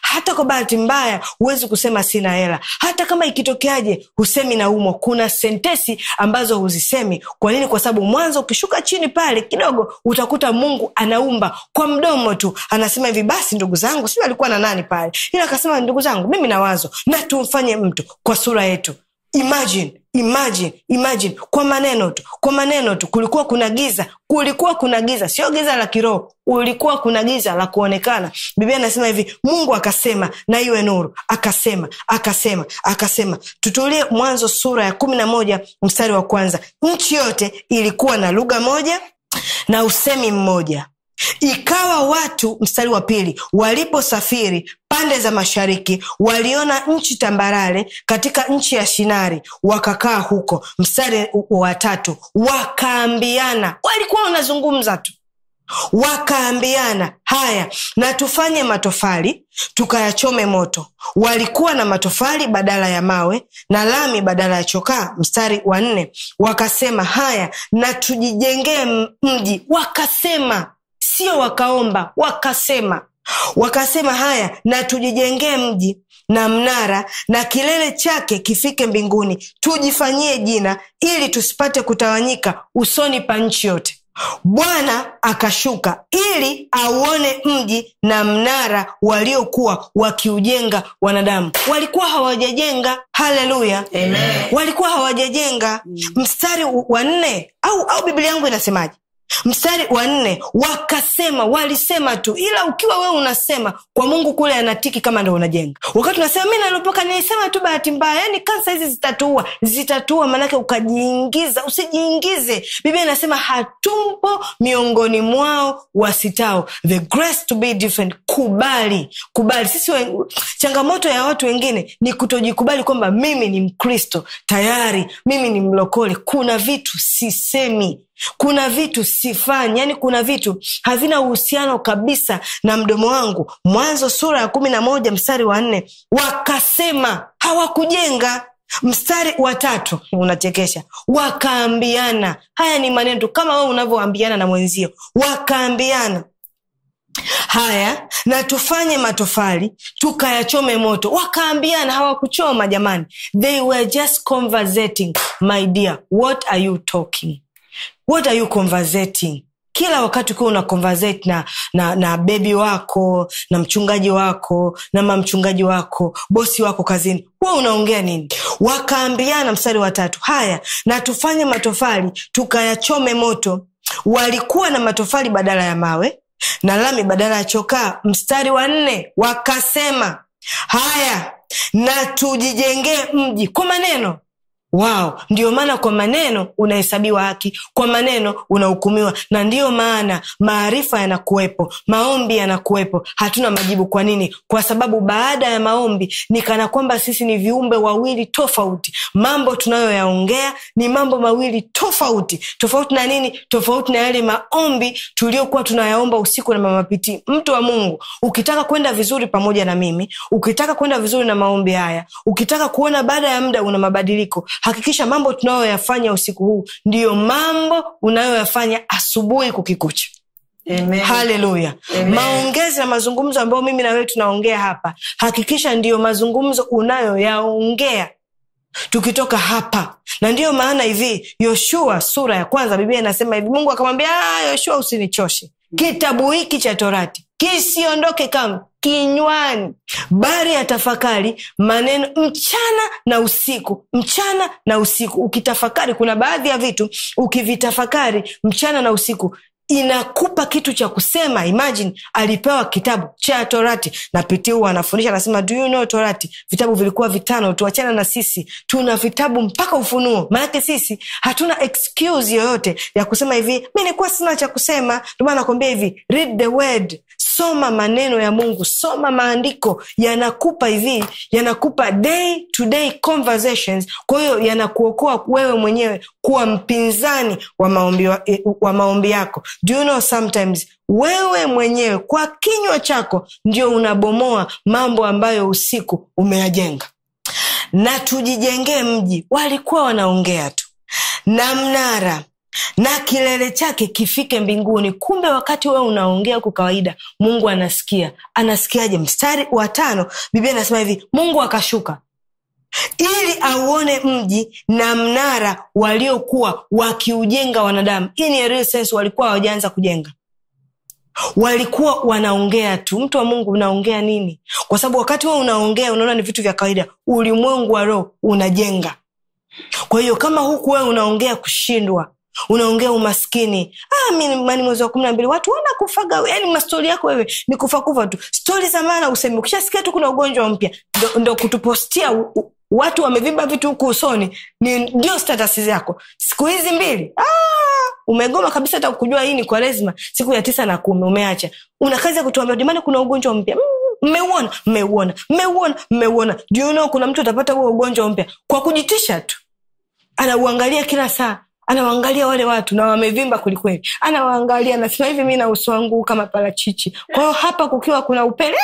[SPEAKER 1] hata kwa bahati mbaya huwezi kusema sina hela, hata kama ikitokeaje husemi naumwa. Kuna sentesi ambazo huzisemi. Kwa nini? Kwa sababu mwanzo ukishuka chini pale kidogo utakuta mungu anaumba kwa mdomo tu anasema hivi basi ndugu zangu siu alikuwa na nani pale ila akasema ndugu zangu mimi na wazo na tumfanye mtu kwa sura yetu imagine imagine imagine kwa maneno tu kwa maneno tu kulikuwa kuna giza kulikuwa kuna giza sio giza la kiroho ulikuwa kuna giza la kuonekana bibia anasema hivi mungu akasema na iwe nuru akasema akasema akasema tutulie mwanzo sura ya kumi na moja mstari wa kwanza nchi yote ilikuwa na lugha moja na usemi mmoja ikawa watu mstari wa pili waliposafiri pande za mashariki waliona nchi tambarare katika nchi ya shinari wakakaa huko mstari wa tatu wakaambiana walikuwa wanazungumza tu wakaambiana haya na tufanye matofali tukayachome moto walikuwa na matofali badala ya mawe na lami badala ya chokaa mstari wa nne wakasema haya na tujijengee mji wakasema sio wakaomba wakasema wakasema haya na tujijengee mji na mnara na kilele chake kifike mbinguni tujifanyie jina ili tusipate kutawanyika usoni pa nchi yote Bwana akashuka ili auone mji na mnara waliokuwa wakiujenga wanadamu. Walikuwa hawajajenga. Haleluya, walikuwa hawajajenga. Mm. Mstari wa nne au au Biblia yangu inasemaje? mstari wa nne wakasema walisema tu ila ukiwa wewe unasema kwa mungu kule anatiki kama ndo unajenga wakati unasema mi nalopoka nilisema tu bahati mbaya yani kansa hizi zitatuua zitatuua maanake ukajiingiza usijiingize biblia inasema hatumpo miongoni mwao wasitao the grace to be different kubali kubali sisi changamoto ya watu wengine ni kutojikubali kwamba mimi ni mkristo tayari mimi ni mlokole kuna vitu sisemi kuna vitu sifanyi, yani kuna vitu havina uhusiano kabisa na mdomo wangu. Mwanzo sura ya kumi na moja mstari wa nne wakasema hawakujenga. Mstari wa tatu unachekesha, wakaambiana. Haya ni maneno tu kama wao unavyoambiana na mwenzio, wakaambiana haya na tufanye matofali tukayachome moto. Wakaambiana, hawakuchoma jamani, they were just conversating. My dear, what are you talking what are you conversating kila wakati ukiwa una na, na, na bebi wako na mchungaji wako na mamchungaji wako bosi wako kazini huwa unaongea nini wakaambiana mstari watatu haya na tufanye matofali tukayachome moto walikuwa na matofali badala ya mawe na lami badala ya chokaa mstari wa nne wakasema haya na tujijengee mji kwa maneno wao. ndio maana kwa maneno unahesabiwa haki, kwa maneno unahukumiwa, na ndiyo maana maarifa yanakuwepo, maombi yanakuwepo. Hatuna majibu. Kwa nini? Kwa sababu baada ya maombi ni kana kwamba sisi ni viumbe wawili tofauti. Mambo tunayoyaongea ni mambo mawili tofauti. Tofauti na nini? Tofauti na yale maombi tuliyokuwa tunayaomba usiku na mamapitii. Mtu wa Mungu, ukitaka kwenda vizuri pamoja na mimi, ukitaka kwenda vizuri na maombi haya, ukitaka kuona baada ya muda una mabadiliko hakikisha mambo tunayoyafanya usiku huu ndiyo mambo unayoyafanya asubuhi kukikucha haleluya maongezi na mazungumzo ambayo mimi na wewe tunaongea hapa hakikisha ndiyo mazungumzo unayoyaongea tukitoka hapa na ndiyo maana hivi yoshua sura ya kwanza biblia inasema hivi mungu akamwambia ah, yoshua usinichoshe kitabu hiki cha torati kisiondoke kamwe kinywani baada ya tafakari maneno mchana na usiku mchana na usiku ukitafakari kuna baadhi ya vitu ukivitafakari mchana na usiku inakupa kitu cha kusema imagine alipewa kitabu cha torati na piti huu anafundisha anasema you know torati vitabu vilikuwa vitano tuachana na sisi tuna vitabu mpaka ufunuo maanake sisi hatuna excuse yoyote ya kusema hivi mi nikuwa sina cha kusema ndomana nakwambia hivi read the word soma maneno ya mungu soma maandiko yanakupa hivi yanakupa day to day conversations kwa hiyo yanakuokoa wewe mwenyewe kuwa mpinzani wa maombi, wa, eh, wa maombi yako Do you know sometimes wewe mwenyewe kwa kinywa chako ndio unabomoa mambo ambayo usiku umeyajenga na tujijengee mji walikuwa wanaongea tu na mnara na kilele chake kifike mbinguni. Kumbe wakati wewe unaongea kwa kawaida, Mungu anasikia. Anasikiaje? Mstari wa tano, Biblia inasema hivi, Mungu akashuka ili auone mji na mnara waliokuwa wakiujenga wanadamu. Hii ni sense, walikuwa hawajaanza kujenga walikuwa wanaongea tu. Mtu wa Mungu, unaongea nini? Kwa sababu wakati huo unaongea, unaona ni vitu vya kawaida. Ulimwengu wa roho unajenga. Kwa hiyo kama huku wewe unaongea kushindwa, unaongea umaskini ah, mani mwezi wa kumi na mbili watu wanakufaga yani mastori yako wewe ni kufa kufakufa tu stori za maana usemi ukishasikia tu kuna ugonjwa mpya ndo, ndo kutupostia u, u, watu wamevimba vitu huku usoni ndio status zako siku hizi mbili ah, umegoma kabisa hata kujua hii ni kwa lazima siku ya tisa na kumi umeacha una kazi ya kutuambia jamani kuna ugonjwa mpya mm. mmeuona mmeuona mmeuona mmeuona do you know, kuna mtu atapata huo ugonjwa mpya kwa kujitisha tu anauangalia kila saa anawaangalia wale watu na wamevimba kwelikweli, anawaangalia nasema hivi, mi na uso wangu kama parachichi. Kwa hiyo hapa kukiwa kuna upele.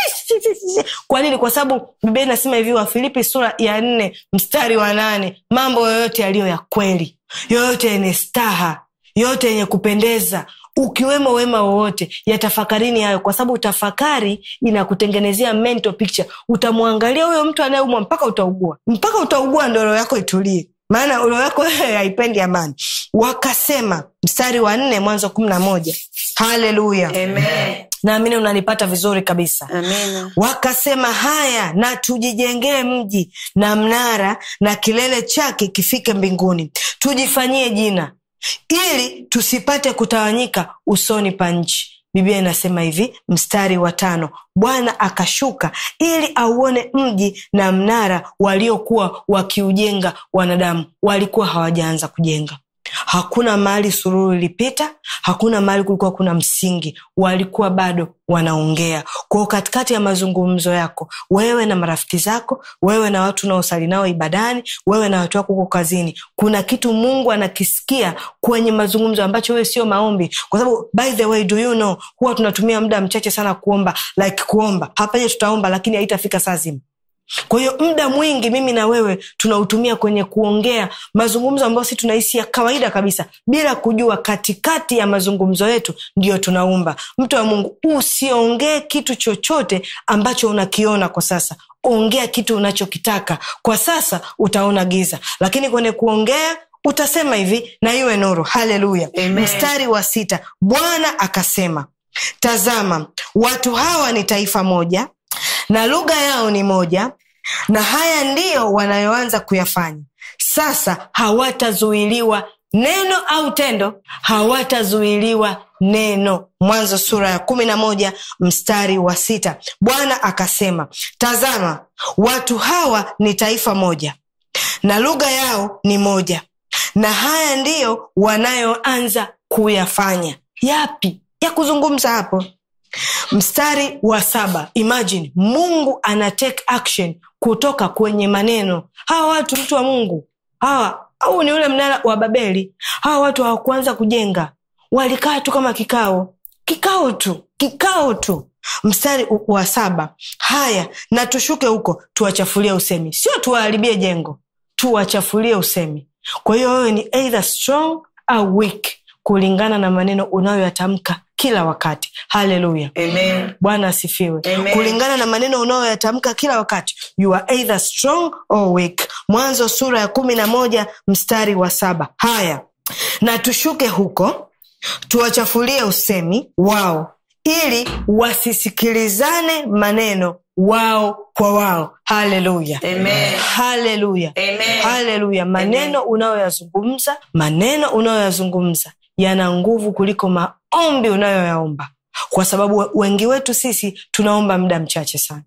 [SPEAKER 1] Kwa nini? Kwa sababu Biblia inasema hivi, Wafilipi sura ya nne mstari wa nane mambo yoyote yaliyo ya kweli, yoyote yenye staha, yoyote yenye kupendeza ukiwemo wema wowote, yatafakarini hayo, kwa sababu tafakari inakutengenezea mental picture. Utamwangalia huyo mtu anayeumwa mpaka utaugua, mpaka utaugua ndoro yako itulie maana ulo yako wewe haipendi amani wakasema mstari wa nne mwanzo kumi na moja haleluya naamini unanipata vizuri kabisa Amen. wakasema haya na tujijengee mji na mnara na kilele chake kifike mbinguni tujifanyie jina ili tusipate kutawanyika usoni pa nchi biblia inasema hivi mstari wa tano bwana akashuka ili auone mji na mnara waliokuwa wakiujenga wanadamu walikuwa hawajaanza kujenga hakuna mahali sururu ilipita hakuna mahali kulikuwa kuna msingi walikuwa bado wanaongea kwao katikati ya mazungumzo yako wewe na marafiki zako wewe na watu unaosali nao ibadani wewe na watu wako huko kazini kuna kitu mungu anakisikia kwenye mazungumzo ambacho wewe sio maombi kwa sababu by the way do you know huwa tunatumia muda mchache sana kuomba like kuomba hapaje tutaomba lakini haitafika saa zima kwa hiyo muda mwingi mimi na wewe tunautumia kwenye kuongea mazungumzo ambayo si tunahisi ya kawaida kabisa bila kujua katikati ya mazungumzo yetu ndiyo tunaumba mtu wa mungu usiongee kitu chochote ambacho unakiona kwa sasa ongea kitu unachokitaka kwa sasa utaona giza lakini kwenye kuongea utasema hivi na iwe nuru haleluya mstari wa sita bwana akasema tazama watu hawa ni taifa moja na lugha yao ni moja na haya ndiyo wanayoanza kuyafanya sasa hawatazuiliwa neno au tendo hawatazuiliwa neno mwanzo sura ya kumi na moja mstari wa sita bwana akasema tazama watu hawa ni taifa moja na lugha yao ni moja na haya ndiyo wanayoanza kuyafanya yapi ya kuzungumza hapo mstari wa saba imagine mungu ana take action kutoka kwenye maneno hawa watu mtu wa mungu hawa au ni ule mnara wa babeli hawa watu hawakuanza kujenga walikaa tu kama kikao kikao tu kikao tu mstari wa saba haya na tushuke huko tuwachafulie usemi sio tuwaharibie jengo tuwachafulie usemi kwa hiyo wewe ni either strong au weak kulingana na maneno unayoyatamka kila wakati haleluya bwana asifiwe kulingana na maneno unayoyatamka kila wakati you are either strong or weak mwanzo sura ya kumi na moja mstari wa saba haya na tushuke huko tuwachafulie usemi wao ili wasisikilizane maneno wao kwa wao haleluya haleluya haleluya maneno unayoyazungumza maneno unayoyazungumza yana nguvu kuliko ma ombi unayoyaomba kwa sababu wengi wetu sisi tunaomba muda mchache sana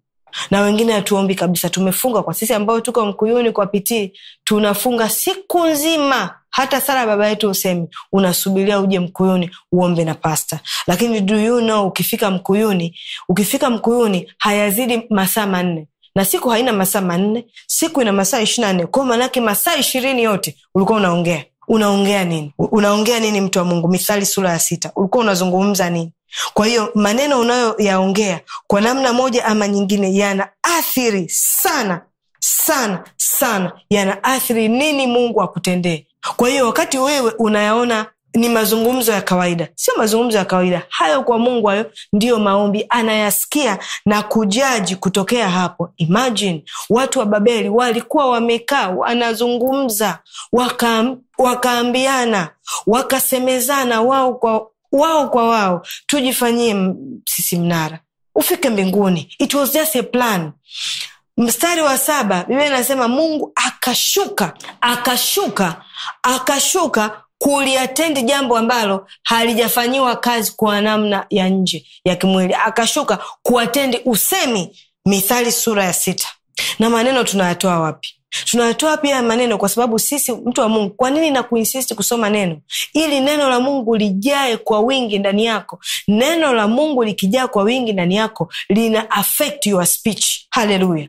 [SPEAKER 1] na wengine hatuombi kabisa tumefunga kwa sisi ambayo tuko mkuyuni kwa pitii tunafunga siku nzima hata sara baba yetu usemi unasubilia uje mkuyuni uombe na pasta lakini do you know, ukifika mkuyuni ukifika mkuyuni hayazidi masaa manne na siku haina masaa manne siku ina masaa ishiri na nne kwao maanaake masaa ishirini yote ulikuwa unaongea unaongea nini unaongea nini mtu wa mungu mithali sura ya sita ulikuwa unazungumza nini kwa hiyo maneno unayoyaongea kwa namna moja ama nyingine yana athiri sana sana sana yana athiri nini mungu akutendee kwa hiyo wakati wewe unayaona ni mazungumzo ya kawaida sio mazungumzo ya kawaida hayo kwa mungu hayo ndiyo maombi anayasikia na kujaji kutokea hapo imagine watu wa babeli walikuwa wamekaa wanazungumza wakam wakaambiana wakasemezana wao kwa wao kwa wao tujifanyie sisi mnara ufike mbinguni it was just a plan mstari wa saba biblia inasema mungu akashuka akashuka akashuka kuliatendi jambo ambalo halijafanyiwa kazi kwa namna ya nje ya kimwili akashuka kuatendi usemi mithali sura ya sita na maneno tunayatoa wapi tunatoa pia maneno kwa sababu sisi mtu wa mungu kwa nini na kuinsisti kusoma neno ili neno la mungu lijae kwa wingi ndani yako neno la mungu likijaa kwa wingi ndani yako lina affect your speech haleluya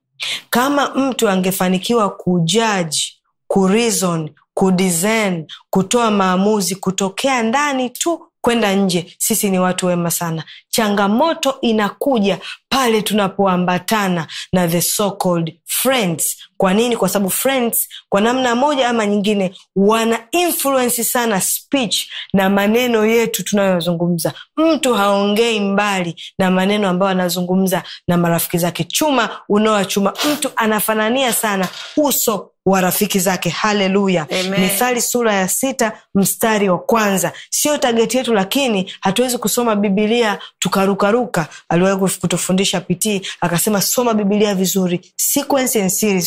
[SPEAKER 1] kama mtu angefanikiwa kujaji kurizon kudizain kutoa maamuzi kutokea ndani tu kwenda nje. Sisi ni watu wema sana. Changamoto inakuja pale tunapoambatana na the so called friends. Kwa nini? Kwa sababu friends kwa namna moja ama nyingine wana influence sana speech na maneno yetu tunayozungumza. Mtu haongei mbali na maneno ambayo anazungumza na marafiki zake. Chuma unaoachuma chuma, mtu anafanania sana uso wa rafiki zake. Haleluya! Mithali sura ya sita mstari wa kwanza. Sio tageti yetu, lakini hatuwezi kusoma Bibilia tukarukaruka. Aliwahi kutufundisha Pitii akasema, soma Bibilia vizuri,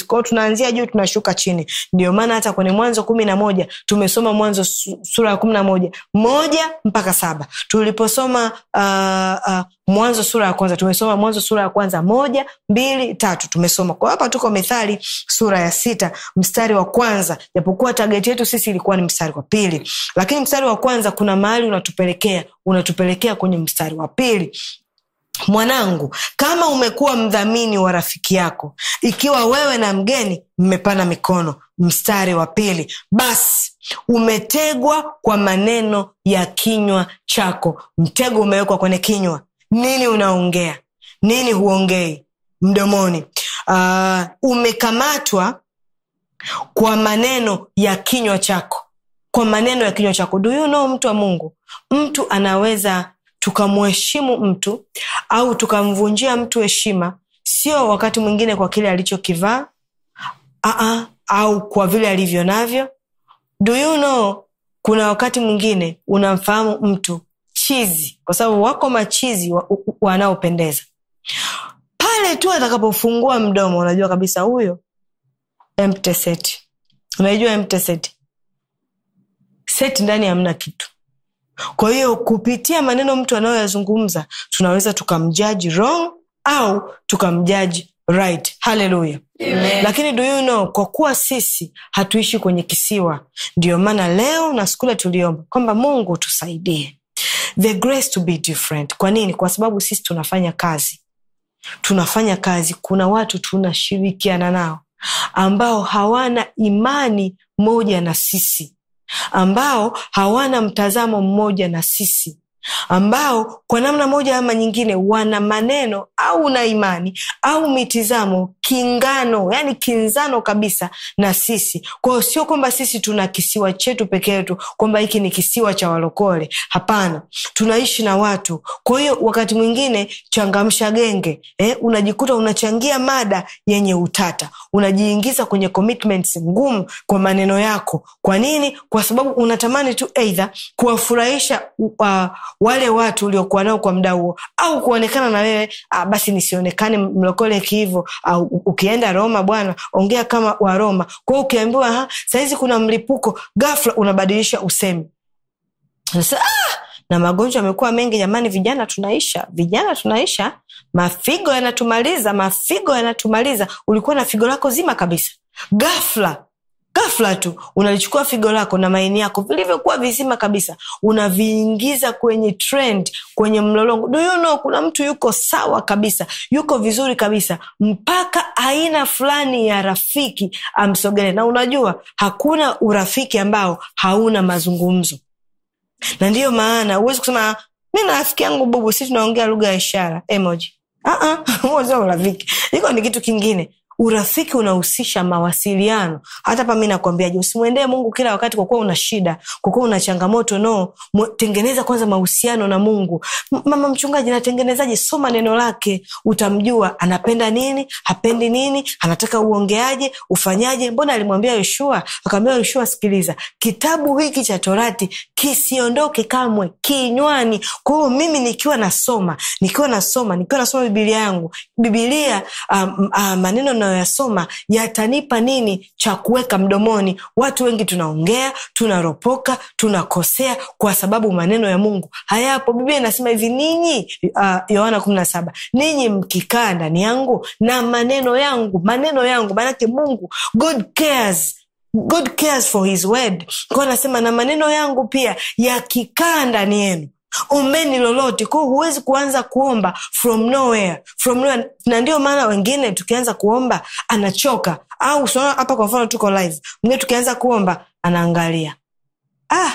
[SPEAKER 1] Kwao tunaanzia juu tunashuka chini. Ndio maana hata kwenye Mwanzo kumi na moja tumesoma Mwanzo sura ya kumi na moja moja mpaka saba. Tuliposoma uh, uh, Mwanzo sura ya kwanza tumesoma Mwanzo sura ya kwanza moja mbili tatu, tumesoma kwa hapa. Tuko Mithali sura ya sita mstari wa kwanza japokuwa tageti yetu sisi ilikuwa ni mstari wa pili lakini mstari wa kwanza kuna mahali unatupelekea unatupelekea kwenye mstari wa pili mwanangu kama umekuwa mdhamini wa rafiki yako ikiwa wewe na mgeni mmepana mikono mstari wa pili basi umetegwa kwa maneno ya kinywa chako mtego umewekwa kwenye kinywa nini unaongea nini huongei mdomoni uh, umekamatwa kwa maneno ya kinywa chako kwa maneno ya kinywa chako do you know mtu wa mungu mtu anaweza tukamuheshimu mtu au tukamvunjia mtu heshima sio wakati mwingine kwa kile alichokivaa uh-uh, au kwa vile alivyo navyo do you know kuna wakati mwingine unamfahamu mtu chizi kwa sababu wako machizi wanaopendeza wa, wa pale tu atakapofungua mdomo unajua kabisa huyo mtset unaijua mtset set ndani hamna kitu kwa hiyo kupitia maneno mtu anayoyazungumza tunaweza tukamjaji wrong au tukamjaji right haleluya lakini do you know kwa kuwa sisi hatuishi kwenye kisiwa ndiyo maana leo na sikule tuliomba kwamba mungu tusaidie the grace to be different kwa nini kwa sababu sisi tunafanya kazi tunafanya kazi kuna watu tunashirikiana nao ambao hawana imani moja na sisi, ambao hawana mtazamo mmoja na sisi, ambao kwa namna moja ama nyingine wana maneno au na imani au mitizamo kingano, yani kinzano kabisa na sisi. kwao sio kwamba sisi tuna kisiwa chetu peke yetu, kwamba hiki ni kisiwa cha walokole. Hapana, tunaishi na watu. Kwa hiyo wakati mwingine changamsha genge eh, unajikuta unachangia mada yenye utata, unajiingiza kwenye commitments ngumu kwa maneno yako. Kwa nini? Kwa sababu unatamani tu eidha kuwafurahisha uh, wale watu uliokuwa nao kwa mda huo au kuonekana na wewe ah, basi nisionekane mlokole kihivo ah, ukienda Roma bwana ongea kama wa Roma kwao ukiambiwa ah, sahizi kuna mlipuko gafla unabadilisha usemi Nasa, ah! na magonjwa amekuwa mengi jamani vijana tunaisha vijana tunaisha mafigo yanatumaliza mafigo yanatumaliza ulikuwa na figo lako zima kabisa gafla gafla tu unalichukua figo lako na maini yako vilivyokuwa vizima kabisa, unaviingiza kwenye trend, kwenye mlolongo. Do you know, kuna mtu yuko sawa kabisa, yuko vizuri kabisa, mpaka aina fulani ya rafiki amsogele Na unajua hakuna urafiki ambao hauna mazungumzo, na ndiyo maana huwezi kusema mi na rafiki yangu Bubu, si tunaongea lugha ya ishara emoji. Uh-uh, urafiki iko ni kitu kingine urafiki unahusisha mawasiliano. Hata pa mi nakwambiaje, usimwendee Mungu kila wakati kwakuwa una shida, kwakuwa una changamoto. No, tengeneza kwanza mahusiano na Mungu. Mama mchungaji, natengenezaje? Soma neno lake, utamjua anapenda nini, hapendi nini, anataka uongeaje, ufanyaje. Mbona alimwambia Yoshua, akamwambia Yoshua, sikiliza, kitabu hiki cha Torati kisiondoke kamwe kinywani. kwahiyo mimi nikiwa nasoma, nikiwa nasoma, nikiwa nasoma Bibilia yangu, Bibilia um, um, maneno na ninayoyasoma yatanipa nini cha kuweka mdomoni watu wengi tunaongea tunaropoka tunakosea kwa sababu maneno ya mungu hayapo biblia inasema hivi ninyi uh, yohana kumi na saba ninyi mkikaa ndani yangu na maneno yangu maneno yangu maanake mungu god cares god cares for his word kwa anasema na maneno yangu pia yakikaa ndani yenu umeni lolote kwao huwezi kuanza kuomba from nowhere, from nowhere. na ndio maana wengine tukianza kuomba anachoka au sona hapa kwa mfano tuko live mgine tukianza kuomba anaangalia ah,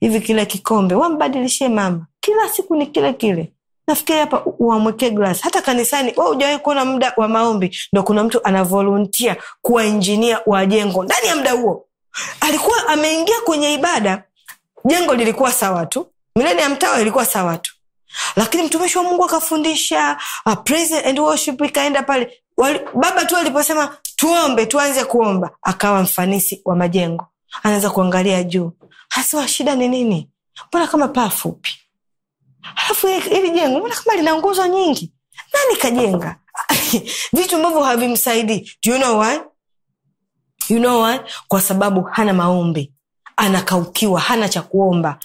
[SPEAKER 1] hivi kile kikombe wambadilishie mama kila siku ni kile kile nafikiri hapa uamwekee glasi hata kanisani wa ujawai kuona mda wa maombi ndo kuna mtu anavolontia kuwa injinia wa jengo ndani ya mda huo alikuwa ameingia kwenye ibada jengo lilikuwa sawa tu mileni ya mtawa ilikuwa sawa tu lakini mtumishi wa mungu akafundisha uh, praise and worship ikaenda pale Wali, baba tu aliposema tuombe tuanze kuomba akawa mfanisi wa majengo anaweza kuangalia juu hasa shida ni nini mbona kama paa fupi alafu hili jengo mbona kama lina nguzo nyingi nani kajenga vitu ambavyo havimsaidii do you know why? you know why? kwa sababu hana maombi anakaukiwa hana cha kuomba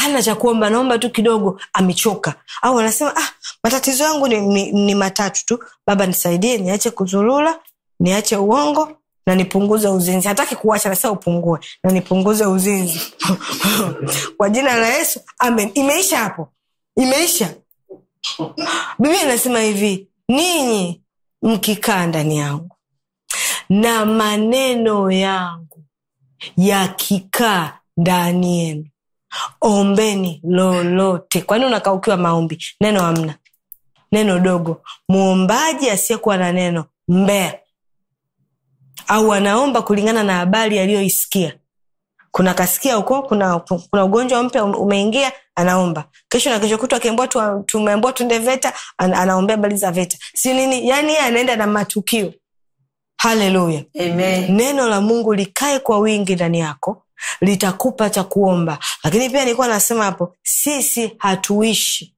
[SPEAKER 1] hana cha kuomba naomba tu kidogo amechoka au anasema ah, matatizo yangu ni, ni, ni matatu tu baba nisaidie niache kuzurula niache uongo na nipunguze uzinzi hataki kuacha nasa upungue na nipunguze uzinzi kwa jina la yesu amen imeisha hapo imeisha biblia inasema hivi ninyi mkikaa ndani yangu na maneno yangu yakikaa ndani yenu ombeni lolote kwani unakaukiwa maombi neno hamna neno dogo mwombaji asiyekuwa na neno mbea au anaomba kulingana na habari aliyoisikia kuna kasikia huko kuna, kuna ugonjwa mpya umeingia anaomba kesho na kesho kutu akiambua tumeambua tunde veta an, anaombea bali za veta si nini yani ye anaenda na matukio haleluya neno la mungu likae kwa wingi ndani yako litakupa cha kuomba lakini pia nilikuwa nasema hapo sisi hatuishi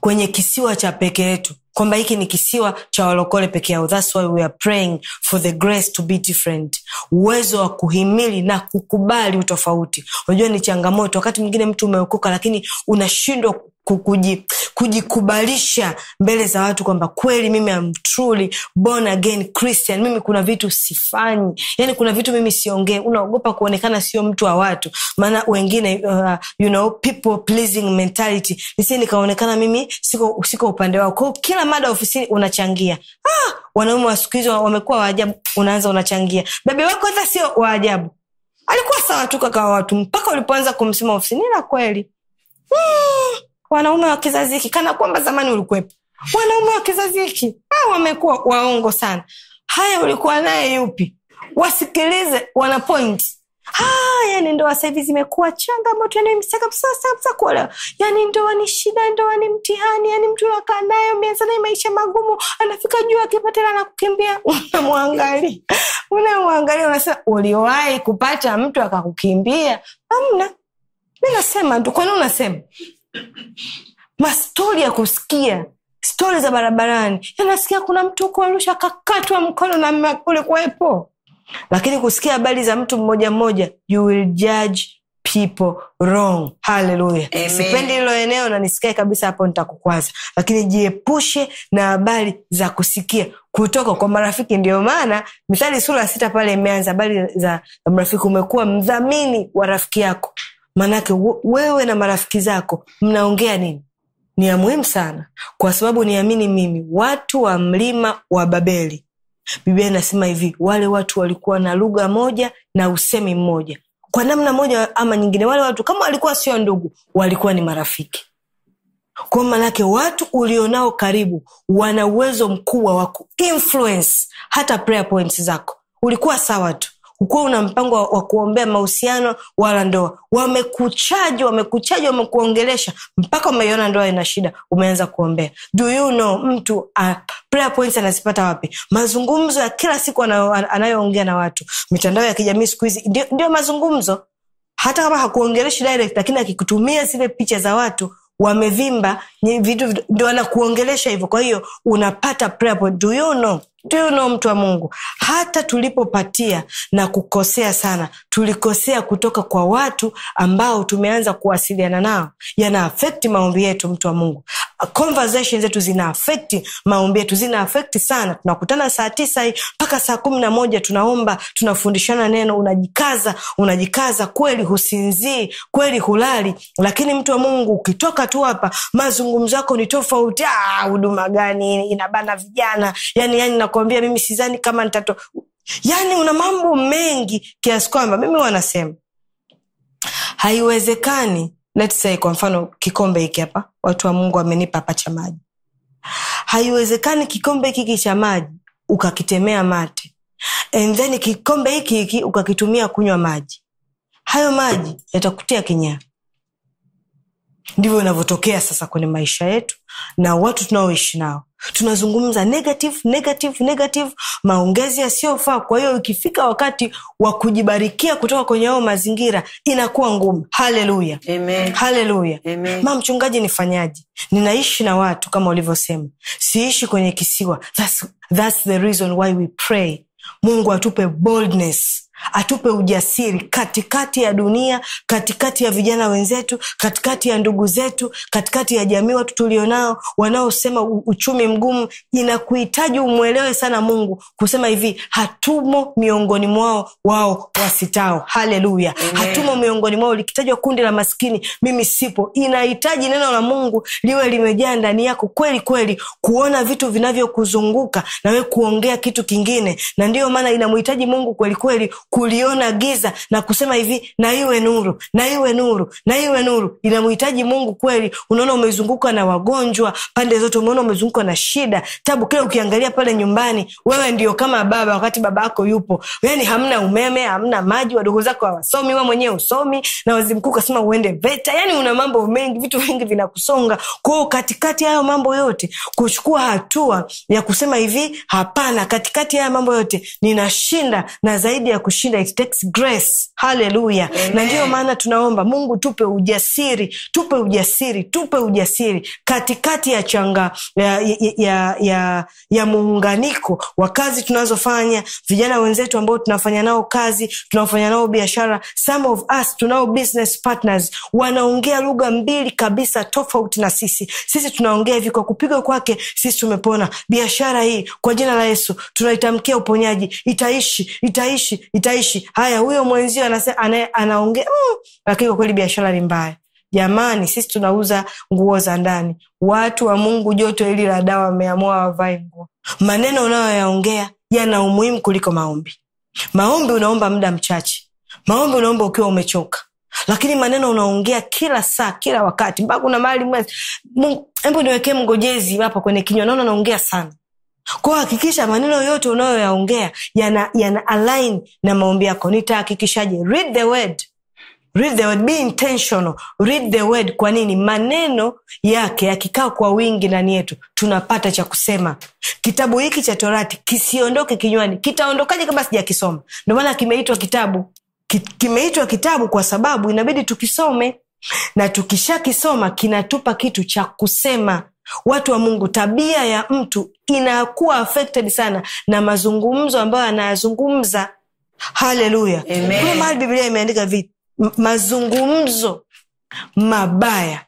[SPEAKER 1] kwenye kisiwa cha peke yetu kwamba hiki ni kisiwa cha walokole peke yao thats why we are praying for the grace to be different uwezo wa kuhimili na kukubali utofauti unajua ni changamoto wakati mwingine mtu umeokoka lakini unashindwa kukuji, kujikubalisha mbele za watu kwamba kweli mimi am truly born again christian mimi kuna vitu sifanyi yani kuna vitu mimi siongee unaogopa kuonekana sio mtu wa watu maana wengine uh, you know, people pleasing mentality nisi nikaonekana mimi siko, siko upande wao kwao kila mada ofisini unachangia ah, wanaume wa siku hizi wamekuwa waajabu unaanza unachangia bebe wako hata sio waajabu alikuwa sawa tu kakawa watu mpaka ulipoanza kumsema ofisini na kweli hmm wanaume wa kizazi hiki kana kwamba zamani ulikuwepo wanaume wa kizazi hiki wamekuwa waongo sana haya ulikuwa naye yupi wasikilize wana point yani ndoa sahivi zimekuwa changamoto yani kabisa kuolewa yani ndoa ni shida ndoa ni mtihani yani mtu nakaa nayo mianza naye maisha magumu anafika juu akipatela na kukimbia unamwangali unamwangalia unasema uliwahi kupata mtu akakukimbia amna mi nasema tu kwani unasema mastori ya kusikia stori za barabarani yanasikia yaani kuna mtu kuarusha arusha kakatwa mkono na kuwepo lakini kusikia habari za mtu mmoja mmoja you will judge people wrong haleluya sipendi hilo eneo na nisikae kabisa hapo nitakukwaza lakini jiepushe na habari za kusikia kutoka kwa marafiki ndio maana mithali sura sita pale imeanza habari za, za marafiki umekuwa mdhamini wa rafiki yako maanake wewe na marafiki zako mnaongea nini ni ya muhimu sana kwa sababu niamini mimi watu wa mlima wa babeli biblia inasema hivi wale watu walikuwa na lugha moja na usemi mmoja kwa namna moja ama nyingine wale watu kama walikuwa sio ndugu walikuwa ni marafiki kwa manake watu ulionao karibu wana uwezo mkubwa wa kuinfluence hata prayer points zako ulikuwa sawa tu ukuwa una mpango wa kuombea mahusiano wala ndoa. Wamekuchaji, wamekuchaji, wamekuongelesha mpaka umeiona ndoa ina shida, umeanza kuombea. Do you know mtu uh, points anazipata wapi? Mazungumzo ya kila siku anayoongea na watu, mitandao ya kijamii siku hizi ndio, ndio mazungumzo. Hata kama hakuongeleshi direct, lakini akikutumia zile picha za watu wamevimba vitu, ndio anakuongelesha hivyo. Kwa hiyo unapata prayer point. Do you know Do know mtu wa Mungu, hata tulipopatia na kukosea sana, tulikosea kutoka kwa watu ambao tumeanza kuwasiliana nao, yana afekti maombi yetu, mtu wa Mungu conversation zetu zina affect maombi yetu zina affect sana tunakutana saa tisa hii mpaka saa kumi na moja tunaomba tunafundishana neno unajikaza unajikaza kweli husinzii kweli hulali lakini mtu wa mungu ukitoka tu hapa mazungumzo yako ni tofauti ah, huduma gani inabana vijana yani yani nakuambia mimi sizani kama nitato yani una mambo mengi kiasi kwamba mimi wanasema haiwezekani let's say kwa mfano kikombe hiki hapa watu wa mungu wamenipa hapa cha maji haiwezekani kikombe hiki cha maji ukakitemea mate and then kikombe hiki hiki ukakitumia kunywa maji hayo maji yatakutia kinyaa ndivyo inavyotokea sasa kwenye maisha yetu na watu tunaoishi nao tunazungumza negative negative negative maongezi yasiyofaa kwa hiyo ikifika wakati wa kujibarikia kutoka kwenye hayo mazingira inakuwa ngumu haleluya haleluya ma mchungaji nifanyaje ninaishi na watu kama ulivyosema siishi kwenye kisiwa that's, that's the reason why we pray mungu atupe boldness atupe ujasiri katikati ya dunia katikati ya vijana wenzetu katikati ya ndugu zetu katikati ya jamii watu tulionao wanaosema uchumi mgumu inakuhitaji umwelewe sana mungu kusema hivi hatumo miongoni mwao wao wasitao haleluya hatumo miongoni mwao likitajwa kundi la maskini mimi sipo inahitaji neno la mungu liwe limejaa ndani yako kweli kweli kuona vitu vinavyokuzunguka nawe kuongea kitu kingine na ndiyo maana inamuhitaji mungu kwelikweli kweli, kuliona giza na kusema hivi, na iwe nuru, na iwe nuru, na iwe nuru. Inamhitaji Mungu kweli. Unaona umezungukwa na wagonjwa pande zote, umeona umezungukwa na shida, tabu. Kila ukiangalia pale nyumbani, wewe ndio kama baba, wakati baba yako yupo. Yani hamna umeme, hamna maji, wadogo zako hawasomi, wewe mwenyewe usomi, na waziri mkuu kasema uende VETA. Yani una mambo mengi, vitu vingi vinakusonga kwao. Katikati hayo mambo yote, kuchukua hatua ya kusema hivi, hapana, katikati haya mambo yote ninashinda na zaidi ya kushinda kushinda, it takes grace. Haleluya! Na ndiyo maana tunaomba Mungu, tupe ujasiri, tupe ujasiri, tupe ujasiri katikati ya changa ya, ya, ya, ya, ya muunganiko wa kazi tunazofanya, vijana wenzetu ambao tunafanya nao kazi, tunaofanya nao biashara. Some of us tunao business partners wanaongea lugha mbili kabisa tofauti na sisi. Sisi tunaongea hivi, kwa kupigwa kwake sisi tumepona. Biashara hii kwa jina la Yesu tunaitamkia uponyaji, itaishi, itaishi, itaishi nitaishi haya, huyo mwenzio anaongea mm, lakini kwa kweli biashara ni mbaya. Jamani, sisi tunauza nguo za ndani. Watu wa Mungu, joto hili la dawa wameamua wavae nguo. Maneno unayoyaongea yana umuhimu kuliko maombi. Maombi unaomba muda mchache, maombi unaomba ukiwa umechoka, lakini maneno unaongea kila saa, kila wakati, mpaka kuna mahali hebu niwekee mgojezi hapa kwenye kinywa, naona naongea sana kwao. Hakikisha maneno yote unayoyaongea yana, yana align na maombi yako. Nitahakikishaje? Read the word. Read the word. Be intentional. Read the word. Kwa nini? Maneno yake yakikaa kwa wingi ndani yetu tunapata cha kusema. Kitabu hiki cha Torati kisiondoke kinywani. Kitaondokaje kama sijakisoma? Ndio maana kimeitwa kitabu, kimeitwa kitabu kwa sababu inabidi tukisome, na tukishakisoma kinatupa kitu cha kusema watu wa mungu tabia ya mtu inakuwa affected sana na mazungumzo ambayo anayazungumza haleluya mahali bibilia imeandika mazungumzo mabaya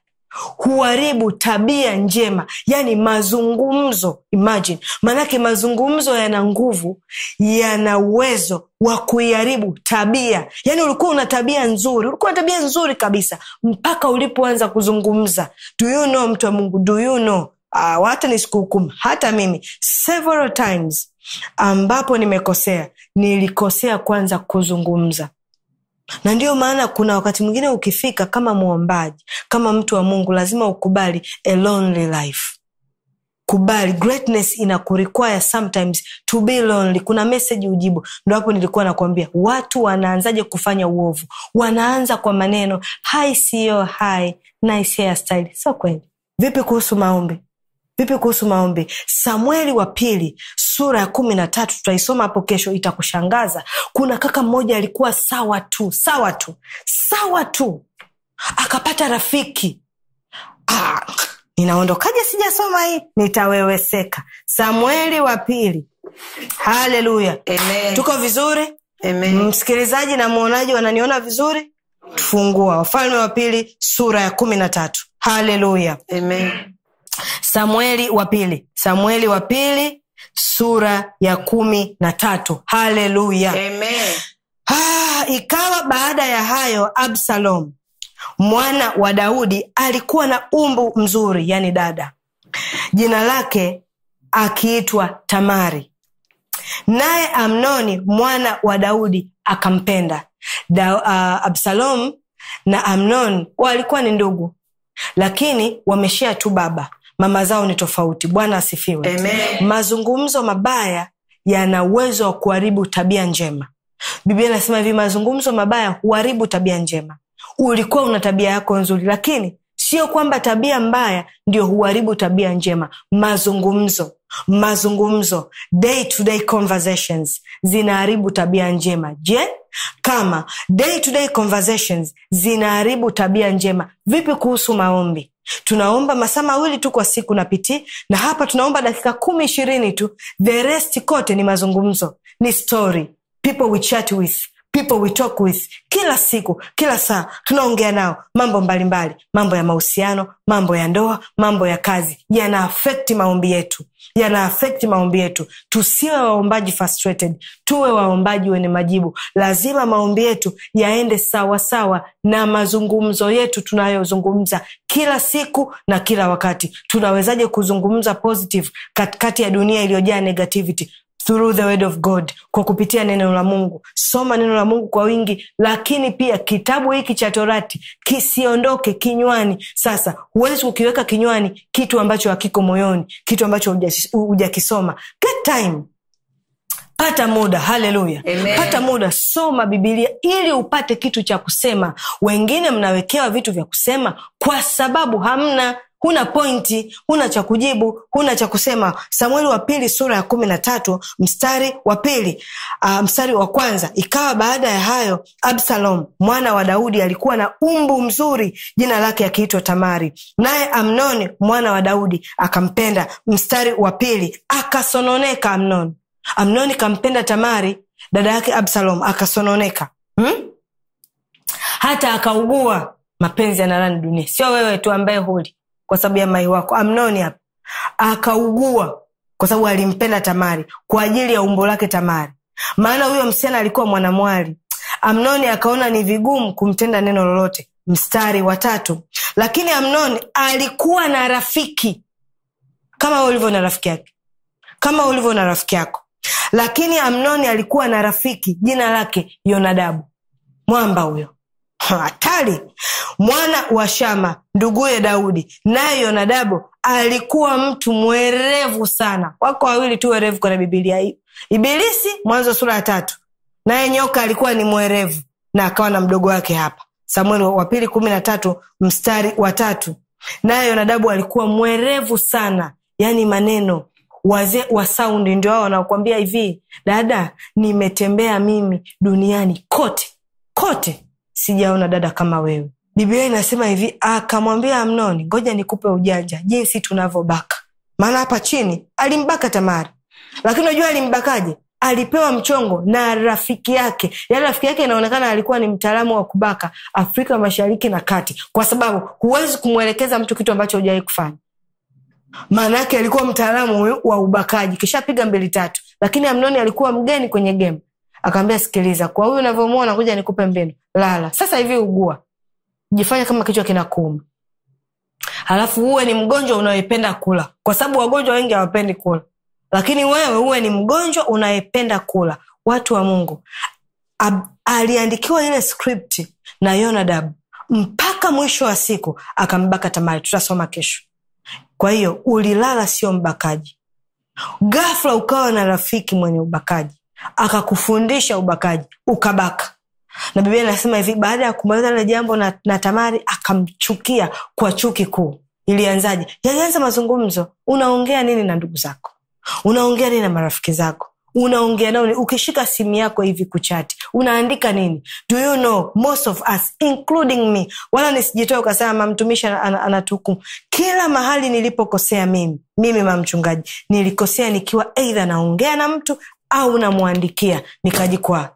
[SPEAKER 1] huharibu tabia njema yani mazungumzo imagine maanake mazungumzo yana nguvu yana uwezo wa kuiharibu tabia yani ulikuwa una tabia nzuri ulikuwa na tabia nzuri kabisa mpaka ulipoanza kuzungumza do you know mtu wa mungu do you know uh, hata nisikuhukumu hata mimi several times ambapo nimekosea nilikosea kwanza kuzungumza na ndio maana kuna wakati mwingine ukifika kama mwombaji kama mtu wa mungu lazima ukubali a lonely life kubali greatness ina kurequire sometimes to be lonely kuna meseji ujibu ndo hapo nilikuwa nakwambia watu wanaanzaje kufanya uovu wanaanza kwa maneno hai siyo hai nice hairstyle kweli vipi kuhusu maombi vipi kuhusu maombi samueli wa pili sura ya kumi na tatu tutaisoma hapo kesho itakushangaza kuna kaka mmoja alikuwa sawa tu sawa tu sawa tu akapata rafiki ah, ninaondokaje sijasoma hii nitaweweseka samueli wa pili haleluya tuko vizuri Amen. msikilizaji na mwonaji wananiona vizuri tufungua wafalme wa pili sura ya kumi na tatu haleluya samueli wa pili samueli wa pili sura ya kumi na tatu haleluya ah, ikawa baada ya hayo absalom mwana wa daudi alikuwa na umbu mzuri yani dada jina lake akiitwa tamari naye amnoni mwana wa daudi akampenda da, uh, absalom na amnon walikuwa ni ndugu lakini wameshia tu baba mama zao ni tofauti. Bwana asifiwe. Mazungumzo mabaya yana uwezo wa kuharibu tabia njema. Biblia inasema hivi, mazungumzo mabaya huharibu tabia njema. Ulikuwa una tabia yako nzuri, lakini sio kwamba tabia mbaya ndio huharibu tabia njema. Mazungumzo mazungumzo day to day conversations zinaharibu tabia njema. Je, kama day to day conversations zinaharibu tabia njema, vipi kuhusu maombi? tunaomba masaa mawili tu kwa siku na pitii na hapa tunaomba dakika kumi ishirini tu the rest kote ni mazungumzo ni story people we chat with people we talk with kila siku kila saa tunaongea nao mambo mbalimbali mbali. mambo ya mahusiano mambo ya ndoa mambo ya kazi yana afekti maombi yetu yana affect maombi yetu. Tusiwe waombaji frustrated, tuwe waombaji wenye majibu. Lazima maombi yetu yaende sawasawa sawa na mazungumzo yetu tunayozungumza kila siku na kila wakati. Tunawezaje kuzungumza positive katikati ya dunia iliyojaa negativity? through the word of god kwa kupitia neno la mungu soma neno la mungu kwa wingi lakini pia kitabu hiki cha torati kisiondoke kinywani sasa huwezi kukiweka kinywani kitu ambacho hakiko moyoni kitu ambacho hujakisoma pata muda haleluya pata muda soma bibilia ili upate kitu cha kusema wengine mnawekewa vitu vya kusema kwa sababu hamna huna pointi, huna cha kujibu, huna cha kusema. Samueli wa pili sura ya kumi na tatu mstari wa pili uh, mstari wa kwanza ikawa baada ya hayo, Absalom mwana wa Daudi alikuwa na umbu mzuri, jina lake akiitwa Tamari, naye Amnoni mwana wa Daudi akampenda. Mstari wa pili akasononeka Amnoni. Amnoni kampenda Tamari dada yake Absalom, akasononeka hmm? hata akaugua mapenzi yanarani dunia, sio wewe tu ambaye huli kwa sababu ya mai wako amnoni hapa akaugua kwa sababu alimpenda tamari kwa ajili ya umbo lake tamari maana huyo msichana alikuwa mwanamwali amnoni akaona ni vigumu kumtenda neno lolote mstari wa tatu lakini amnoni alikuwa na rafiki kama ulivyo na rafiki yake kama ulivyo na rafiki yako lakini amnoni alikuwa na rafiki jina lake yonadabu mwamba huyo hatari. Mwana wa Shama nduguye Daudi naye Yonadabu alikuwa mtu mwerevu sana. Wako wawili tu werevu kwenye Bibilia hiyo Ibilisi Mwanzo sura ya tatu, naye nyoka alikuwa ni mwerevu na akawa na mdogo wake hapa, Samueli wa pili kumi na tatu mstari wa tatu. Naye Yonadabu alikuwa mwerevu sana, yaani maneno wazee wa saundi ndio ao wanaokwambia hivi, dada, nimetembea mimi duniani kote kote sijaona dada kama wewe biblia inasema hivi akamwambia amnoni ngoja nikupe ujanja jinsi tunavyobaka maana hapa chini alimbaka tamari lakini unajua alimbakaje alipewa mchongo na rafiki yake Yani rafiki yake inaonekana alikuwa ni mtaalamu wa kubaka afrika mashariki na kati kwa sababu huwezi kumwelekeza mtu kitu ambacho hujawai kufanya maana yake alikuwa mtaalamu wa ubakaji kishapiga mbili tatu lakini amnoni alikuwa mgeni kwenye gemu akamwambia sikiliza, kwa huyu unavyomwona, kuja nikupe mbinu, lala sasa hivi, ugua, jifanya kama kichwa kinakuuma, halafu uwe ni mgonjwa unayependa kula, kwa sababu wagonjwa wengi hawapendi kula, lakini wewe uwe ni mgonjwa unayependa kula. Watu wa Mungu, aliandikiwa ile skripti na Yonadabu mpaka mwisho wa siku akambaka Tamari. Tutasoma kesho. Kwa hiyo ulilala, sio mbakaji. Ghafla ukawa na rafiki mwenye ubakaji akakufundisha ubakaji ukabaka na bibia inasema hivi baada ya kumaliza lile jambo na, na tamari akamchukia kwa chuki kuu ilianzaje yalianza mazungumzo unaongea nini na ndugu zako unaongea nini na marafiki zako unaongea nao ukishika simu yako hivi kuchati unaandika nini do you know most of us including me wala nisijitoa ukasema mamtumishi anatuhukumu kila mahali nilipokosea mimi mimi mamchungaji nilikosea nikiwa eidha naongea na mtu au namwandikia nikajikwaa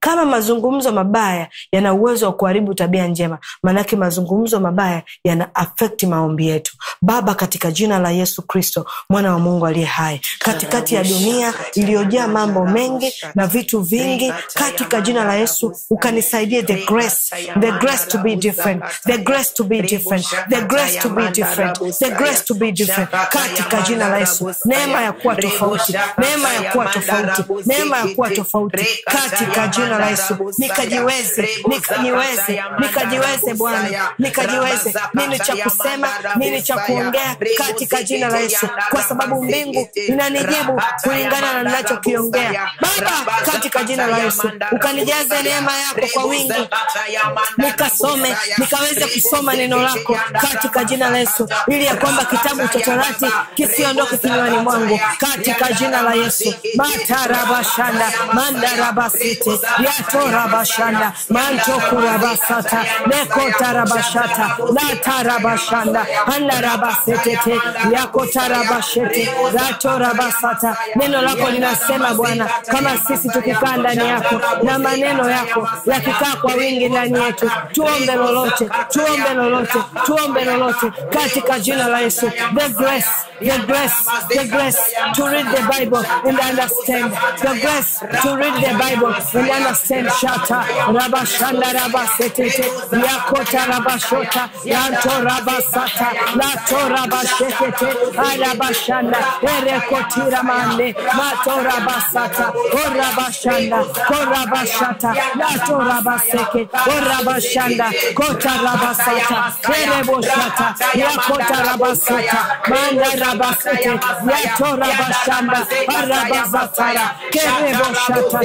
[SPEAKER 1] kama mazungumzo mabaya yana uwezo wa kuharibu tabia njema, maanake mazungumzo mabaya yana afekti maombi yetu. Baba, katika jina la Yesu Kristo, mwana wa Mungu aliye hai, katikati ya dunia iliyojaa mambo mengi na vitu vingi, katika jina la Yesu ukanisaidie the grace, the grace to be different, the grace to be different, the grace to be different, the grace to be different, katika jina la Yesu, neema ya kuwa tofauti, neema ya kuwa tofauti, neema ya kuwa tofauti, katika jina Bwana la Yesu, nikajiweze, nikajiweze,
[SPEAKER 2] nikajiweze Bwana, nikajiweze nini cha kusema, nini cha kuongea katika jina la Yesu, kwa sababu mbingu inanijibu kulingana na ninachokiongea.
[SPEAKER 1] Baba, katika jina la Yesu ukanijaze neema yako kwa wingi, nikasome, nikaweze kusoma neno lako katika jina la Yesu, ili ya kwamba kitabu cha Torati kisiondoke kinywani mwangu katika jina la Yesu
[SPEAKER 2] matarabashanda mandarabasite yatorabashanda mantokurabasata nekotarabashata latarabashanda andarabasetete yakotarabashete ratorabasata neno lako linasema bwana kama sisi tukikaa ndani yako na maneno yako yakikaa kwa wingi ndani yetu tuombe lolote tuombe lolote tuombe lolote katika jina la yesu the grace the grace the grace to read the bible and understand the grace to read the bible and understand Rasen Shata, Rabashanda Rabasete, Yakota Rabashota, Yanto Rabasata, Lato Rabashete, Arabashanda, Erekotira Mande, Mato Rabasata, Orabashanda, Korabashata, Lato Rabaseke, Orabashanda, Kota Rabasata, Ereboshata, Yakota Rabasata, Manda Rabasete, Yato Rabashanda, Arabasatara, Kereboshata,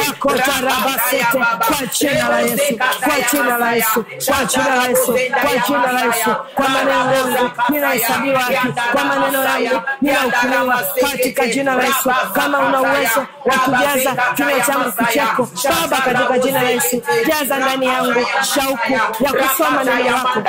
[SPEAKER 2] Yakota Arabasete, kwa jina la Yesu, kwa jina la Yesu, kwa jina la Yesu, kwa jina la Yesu, kwa maneno yangu ninahesabiwa haki, kwa maneno yangu ninahukumiwa katika jina la Yesu. Kama una uwezo wa kujaza changu kicheko, Baba, katika jina la Yesu, jaza ndani yangu shauku ya kusoma neno lako.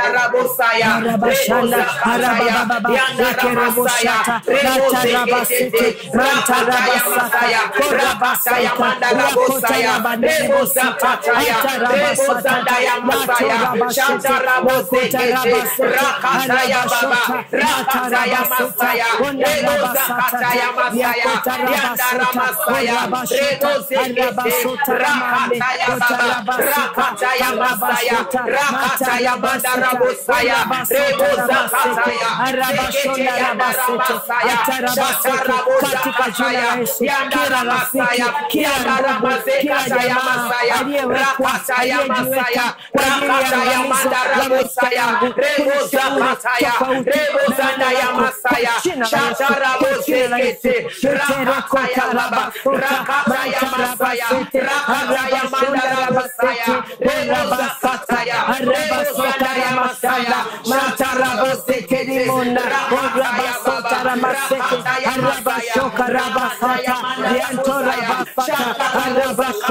[SPEAKER 2] Arabashanda, arabababa, ekereboshata, ratarabasete, ratarabasaka, korabasaka, rakotaya Rabanebosa Pataya, Rebosa Dayamasaya, Rakataya Rakataya Masaya Masaya Rakasaya Masaya Rakasaya Mandara Masaya Reboza Masaya Reboza Naya Masaya Shatara Bosekete Rakasaya Laba Rakasaya Masaya Rakasaya Mandara Masaya Reboza Sataya Reboza Naya Masaya Shatara Bosekete Rakasaya Baba Rakasaya Masaya Rakasaya Mandara Masaya Reboza Sataya Reboza Naya Masaya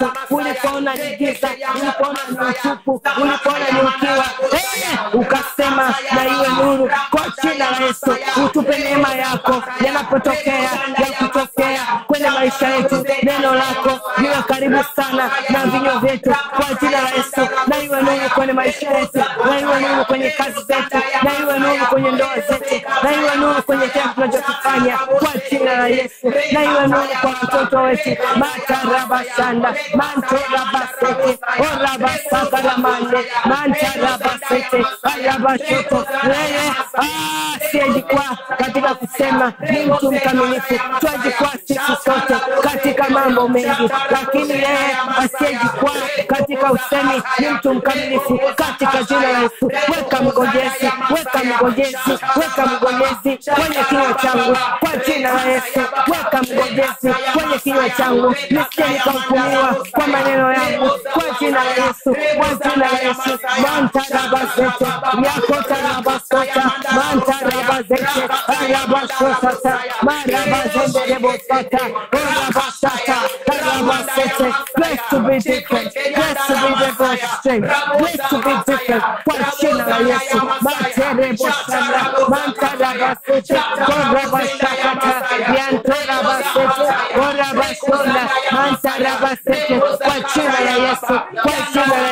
[SPEAKER 2] mateso, ulipona nigiza, ulipona ni utupu, ulipona ni ukiwa, ukasema na iwe nuru kwa jina la Yesu. Utupe neema yako yanapotokea yakutokea kwenye maisha yetu, neno lako liwe karibu sana na vinywa vyetu kwa jina la Yesu, na iwe nuru kwenye maisha yetu, na iwe nuru kwenye kazi zetu, na iwe nuru kwenye ndoa zetu, na iwe nuru kwenye kila tunachokifanya kwa jina la Yesu, na iwe nuru kwa watoto wetu makarabasanda manto rabasete ora basaka la mande manta rabasete haya bashoto leo ah siajikwaa katika kusema ni mtu mkamilifu twajikwaa sisi sote mambo mengi, lakini yeye asiyejikwaa katika usemi ni mtu mkamilifu katika jina la Yesu. Weka mgojezi, weka mgojezi, weka mgojezi kwenye kinywa changu kwa jina la Yesu. Weka mgojezi kwenye kinywa changu nisije nikahukumiwa kwa maneno yangu kwa jina la Yesu, kwa jina la Yesu. mantarabazete yakotarabasota mantarabazete arabasosata marabazemberebosata orabasata Blessed to be different. Blessed to be different. Blessed to be different. Question our yes. Mantere Boshana. Mantada Basuta. Goraba Shakata. Yantara Basuta. Goraba Shona. Mantada Basuta. Question our yes. Question our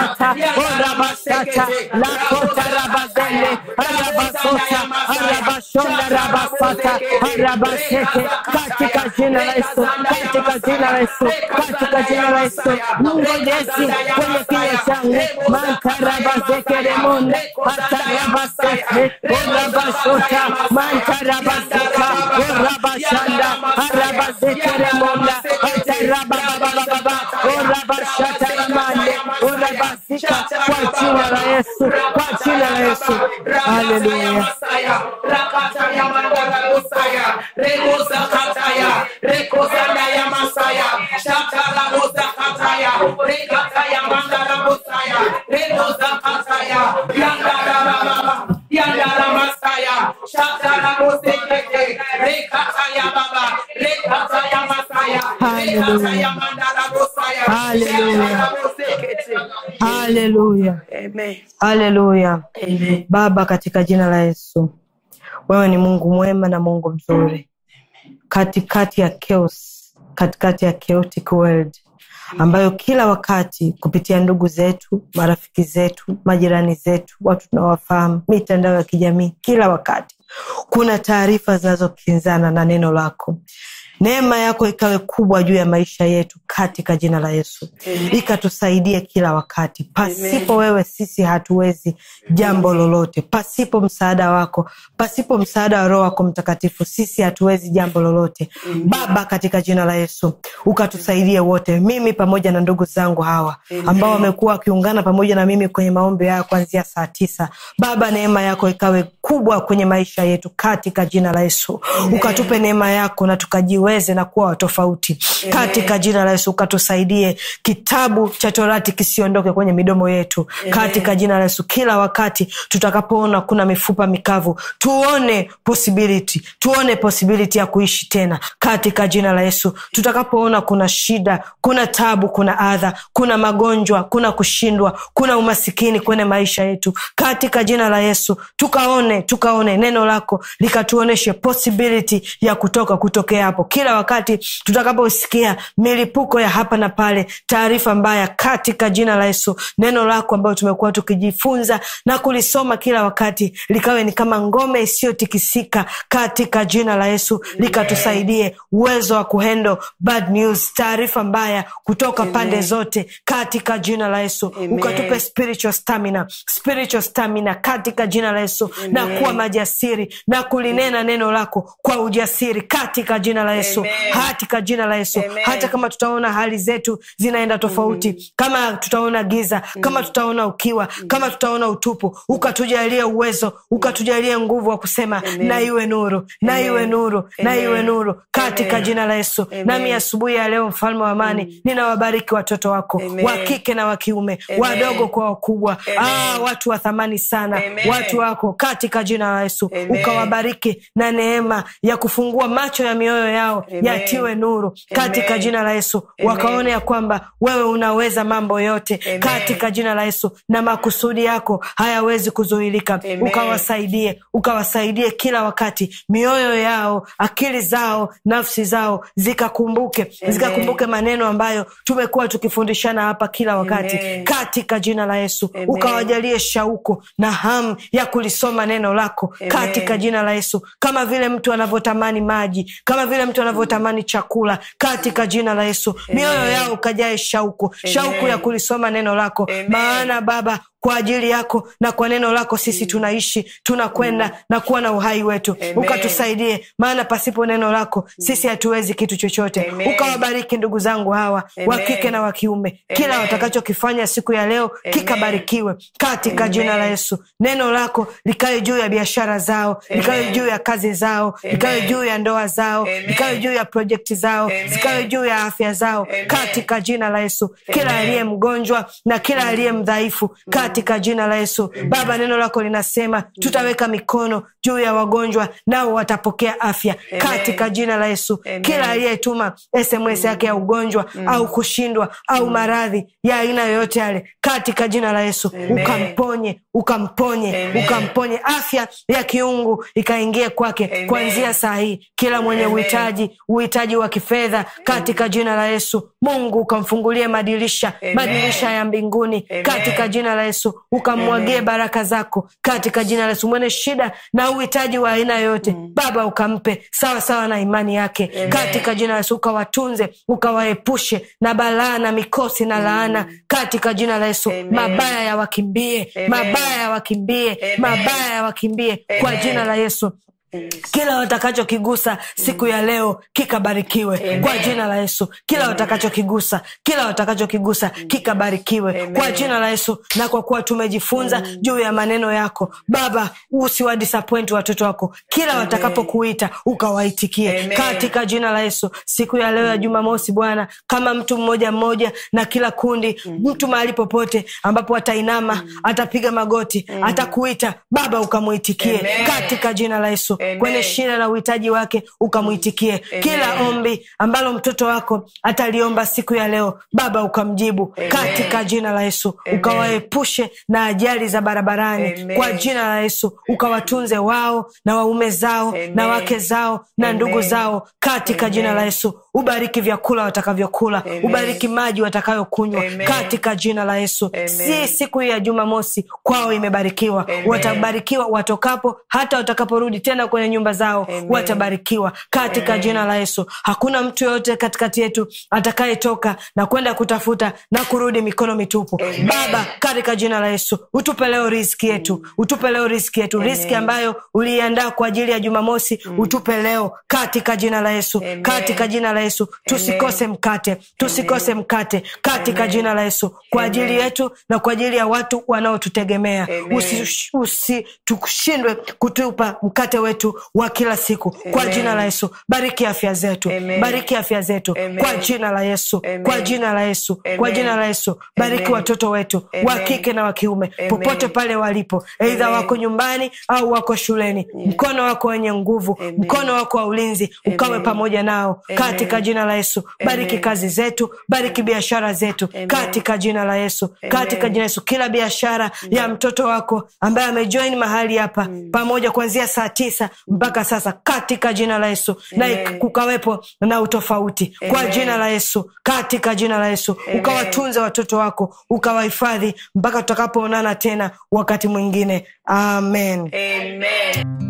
[SPEAKER 2] Rabasata, Rabasata, La Cota Rabazele, Rabasota, Rabashonda Rabasata, Rabasete, Katika Generalisto, Katika Generalisto, Katika Generalisto, Mungo Desi, Kwenye Shangu, Manta Rabazeke de Monde, Hata Rabasete, Rabashota, Manta Rabaseka, Rabashanda, Rabazeke de Monde, Hata Rabababa, Rabashata, Urabasika, Kwachina la Yesu, Kwachina la Yesu. Hallelujah. Rakata ya mandara Rekoza Kataya, Rekoza Naya Masaya, Shatara Mosa Kataya, Rekata ya mandara Mosaya, Rekoza Kataya, Baba, Yandara Masaya, Shatara Mose Keke, Rekata ya Baba, Rekata ya Masaya, Rekata ya mandara Hallelujah.
[SPEAKER 1] Haleluya. Amen. Haleluya. Amen. Baba, katika jina la Yesu, wewe ni Mungu mwema na Mungu mzuri, katikati ya chaos, katikati ya chaotic world ambayo kila wakati kupitia ndugu zetu, marafiki zetu, majirani zetu, watu tunawafahamu, mitandao ya kijamii, kila wakati kuna taarifa zinazokinzana na neno lako. Neema yako ikawe kubwa juu ya maisha yetu katika jina la Yesu, ikatusaidie kila wakati. Pasipo Amen. wewe sisi hatuwezi jambo lolote, pasipo msaada wako, pasipo msaada wa Roho wako Mtakatifu sisi hatuwezi jambo lolote Amen. Baba, katika jina la Yesu ukatusaidie wote, mimi pamoja na ndugu zangu hawa ambao wamekuwa wakiungana pamoja na mimi kwenye maombi haya kuanzia saa tisa. Baba, neema yako ikawe kubwa kwenye maisha yetu katika jina la Yesu, ukatupe neema yako na tukajiwe tuweze na kuwa watofauti katika jina la Yesu. Katusaidie kitabu cha Torati kisiondoke kwenye midomo yetu katika jina la Yesu. Kila wakati tutakapoona kuna mifupa mikavu, tuone posibiliti, tuone posibiliti ya kuishi tena katika jina la Yesu. Tutakapoona kuna shida, kuna tabu, kuna adha, kuna magonjwa, kuna kushindwa, kuna umasikini kwenye maisha yetu, katika jina la Yesu tukaone, tukaone neno lako likatuoneshe posibiliti ya kutoka kutokea hapo kila wakati tutakaposikia milipuko ya hapa na pale, taarifa mbaya, katika jina la Yesu, neno lako ambayo tumekuwa tukijifunza na kulisoma kila wakati likawe ni kama ngome isiyotikisika katika jina la Yesu, likatusaidie uwezo wa kuhendo bad news, taarifa mbaya kutoka Amen. pande zote katika jina la Yesu, ukatupe spiritual stamina, spiritual stamina katika jina la Yesu Amen. na kuwa majasiri na kulinena neno lako kwa ujasiri katika jina la Yesu, katika jina la Yesu. Amen. Hata kama tutaona hali zetu zinaenda mm. tofauti, mm kama tutaona giza, mm kama tutaona ukiwa, mm kama tutaona utupu, ukatujalia uwezo, mm. ukatujalia nguvu wa kusema na iwe nuru, na iwe nuru, na iwe nuru katika jina la Yesu. Nami asubuhi ya leo, mfalme wa amani, mm -hmm. ninawabariki watoto wako wa kike na wa kiume, wadogo kwa wakubwa, ah, watu wa thamani sana, Amen. watu wako katika jina la Yesu, ukawabariki na neema ya kufungua macho ya mioyo yao yao Amen. yatiwe nuru Amen. katika jina la Yesu Amen. wakaone ya kwamba wewe unaweza mambo yote Amen. katika jina la Yesu na makusudi yako hayawezi kuzuilika ukawasaidie ukawasaidie kila wakati mioyo yao akili zao nafsi zao zikakumbuke zikakumbuke maneno ambayo tumekuwa tukifundishana hapa kila wakati Amen. katika jina la Yesu ukawajalie shauku na hamu ya kulisoma neno lako Amen. katika jina la Yesu kama vile mtu anavyotamani maji kama vile mtu watu wanavyotamani chakula katika jina la Yesu. Mioyo yao kajae shauku, shauku ya kulisoma neno lako, maana Baba kwa ajili yako na kwa neno lako sisi tunaishi, tunakwenda na kuwa na uhai wetu. Ukatusaidie, maana pasipo neno lako mm. sisi hatuwezi kitu chochote. Ukawabariki ndugu zangu hawa wa kike na wa kiume, kila watakachokifanya siku ya leo kikabarikiwe katika jina la Yesu. Neno lako likawe juu ya biashara zao, likawe juu ya kazi zao, likawe juu ya ndoa zao, likawe juu ya projekti zao, zikawe juu ya afya zao katika jina la Yesu. Kila aliye mgonjwa na kila aliye mdhaifu katika jina la Yesu. Baba, neno lako linasema tutaweka mikono juu ya wagonjwa nao watapokea afya katika jina la Yesu. Kila aliyetuma SMS yake ya ugonjwa mm. au kushindwa au mm. maradhi ya aina yoyote yale, katika jina la Yesu ukamponye, ukamponye, ukamponye, afya ya kiungu ikaingie kwake kuanzia saa hii. Kila mwenye uhitaji, uhitaji wa kifedha, katika jina la Yesu, Mungu ukamfungulie madirisha, madirisha ya mbinguni katika jina la Yesu. Yesu ukamwagie baraka zako katika jina la Yesu. Mwene shida na uhitaji wa aina yoyote, mm. Baba ukampe sawa sawa na imani yake Amen. Katika jina la Yesu ukawatunze, ukawaepushe na balaa na mikosi na laana mm. katika jina la Yesu. Mabaya yawakimbie, mabaya yawakimbie, mabaya yawakimbie kwa jina la Yesu. Kila watakachokigusa siku ya leo kikabarikiwe Kwa jina la Yesu, kila watakachokigusa, kila watakachokigusa kikabarikiwe Kwa jina la Yesu, na kwa kuwa tumejifunza juu ya maneno yako Baba, usiwadisappoint watoto wako, kila watakapokuita ukawaitikie katika jina la Yesu. Siku ya leo ya mm. Jumamosi Bwana, kama mtu mmoja mmoja na kila kundi, mm. mtu mahali popote ambapo atainama, mm. atapiga magoti, atakuita Baba, ukamuitikie katika jina la Yesu kwenye shina la uhitaji wake ukamwitikie mm. kila ombi ambalo mtoto wako ataliomba siku ya leo baba ukamjibu katika jina la yesu ukawaepushe na ajali za barabarani Amen. kwa jina la yesu ukawatunze wao na waume zao Amen. na wake zao na ndugu zao katika jina la yesu ubariki vyakula watakavyokula, ubariki maji watakayokunywa katika jina la Yesu. Si siku hii ya Jumamosi kwao imebarikiwa, watabarikiwa watokapo, hata watakaporudi tena kwenye nyumba zao Amen. watabarikiwa katika Amen. jina la Yesu. Hakuna mtu yoyote katikati yetu atakayetoka na kwenda kutafuta na kurudi mikono mitupu. Amen. Baba, katika jina la Yesu utupe leo riski yetu, mm. utupe leo riski yetu, Amen. riski ambayo uliiandaa kwa ajili ya Jumamosi mm. utupe leo katika jina la Yesu, Amen. katika jina la la Yesu, tusikose mkate, tusikose mkate katika jina la Yesu, kwa ajili yetu na kwa ajili ya watu wanaotutegemea. Usitushindwe usi, kutupa mkate wetu wa kila siku kwa jina la Yesu. Bariki afya zetu, bariki afya zetu kwa jina la Yesu, kwa jina la Yesu, kwa jina la Yesu. Bariki watoto wetu wa kike na wa kiume popote pale walipo, eidha wako nyumbani au wako shuleni. Mkono wako wenye nguvu, mkono wako wa ulinzi ukawe pamoja nao katika katika jina la Yesu. Bariki kazi zetu, bariki biashara zetu katika jina la Yesu, katika jina Yesu. Kila biashara ya mtoto wako ambaye amejoin mahali hapa mm. pamoja kuanzia saa tisa mpaka sasa katika jina la Yesu, na kukawepo na utofauti kwa jina la Yesu, katika jina la Yesu, ukawatunza watoto wako ukawahifadhi mpaka tutakapoonana tena wakati mwingine. Amen, amen.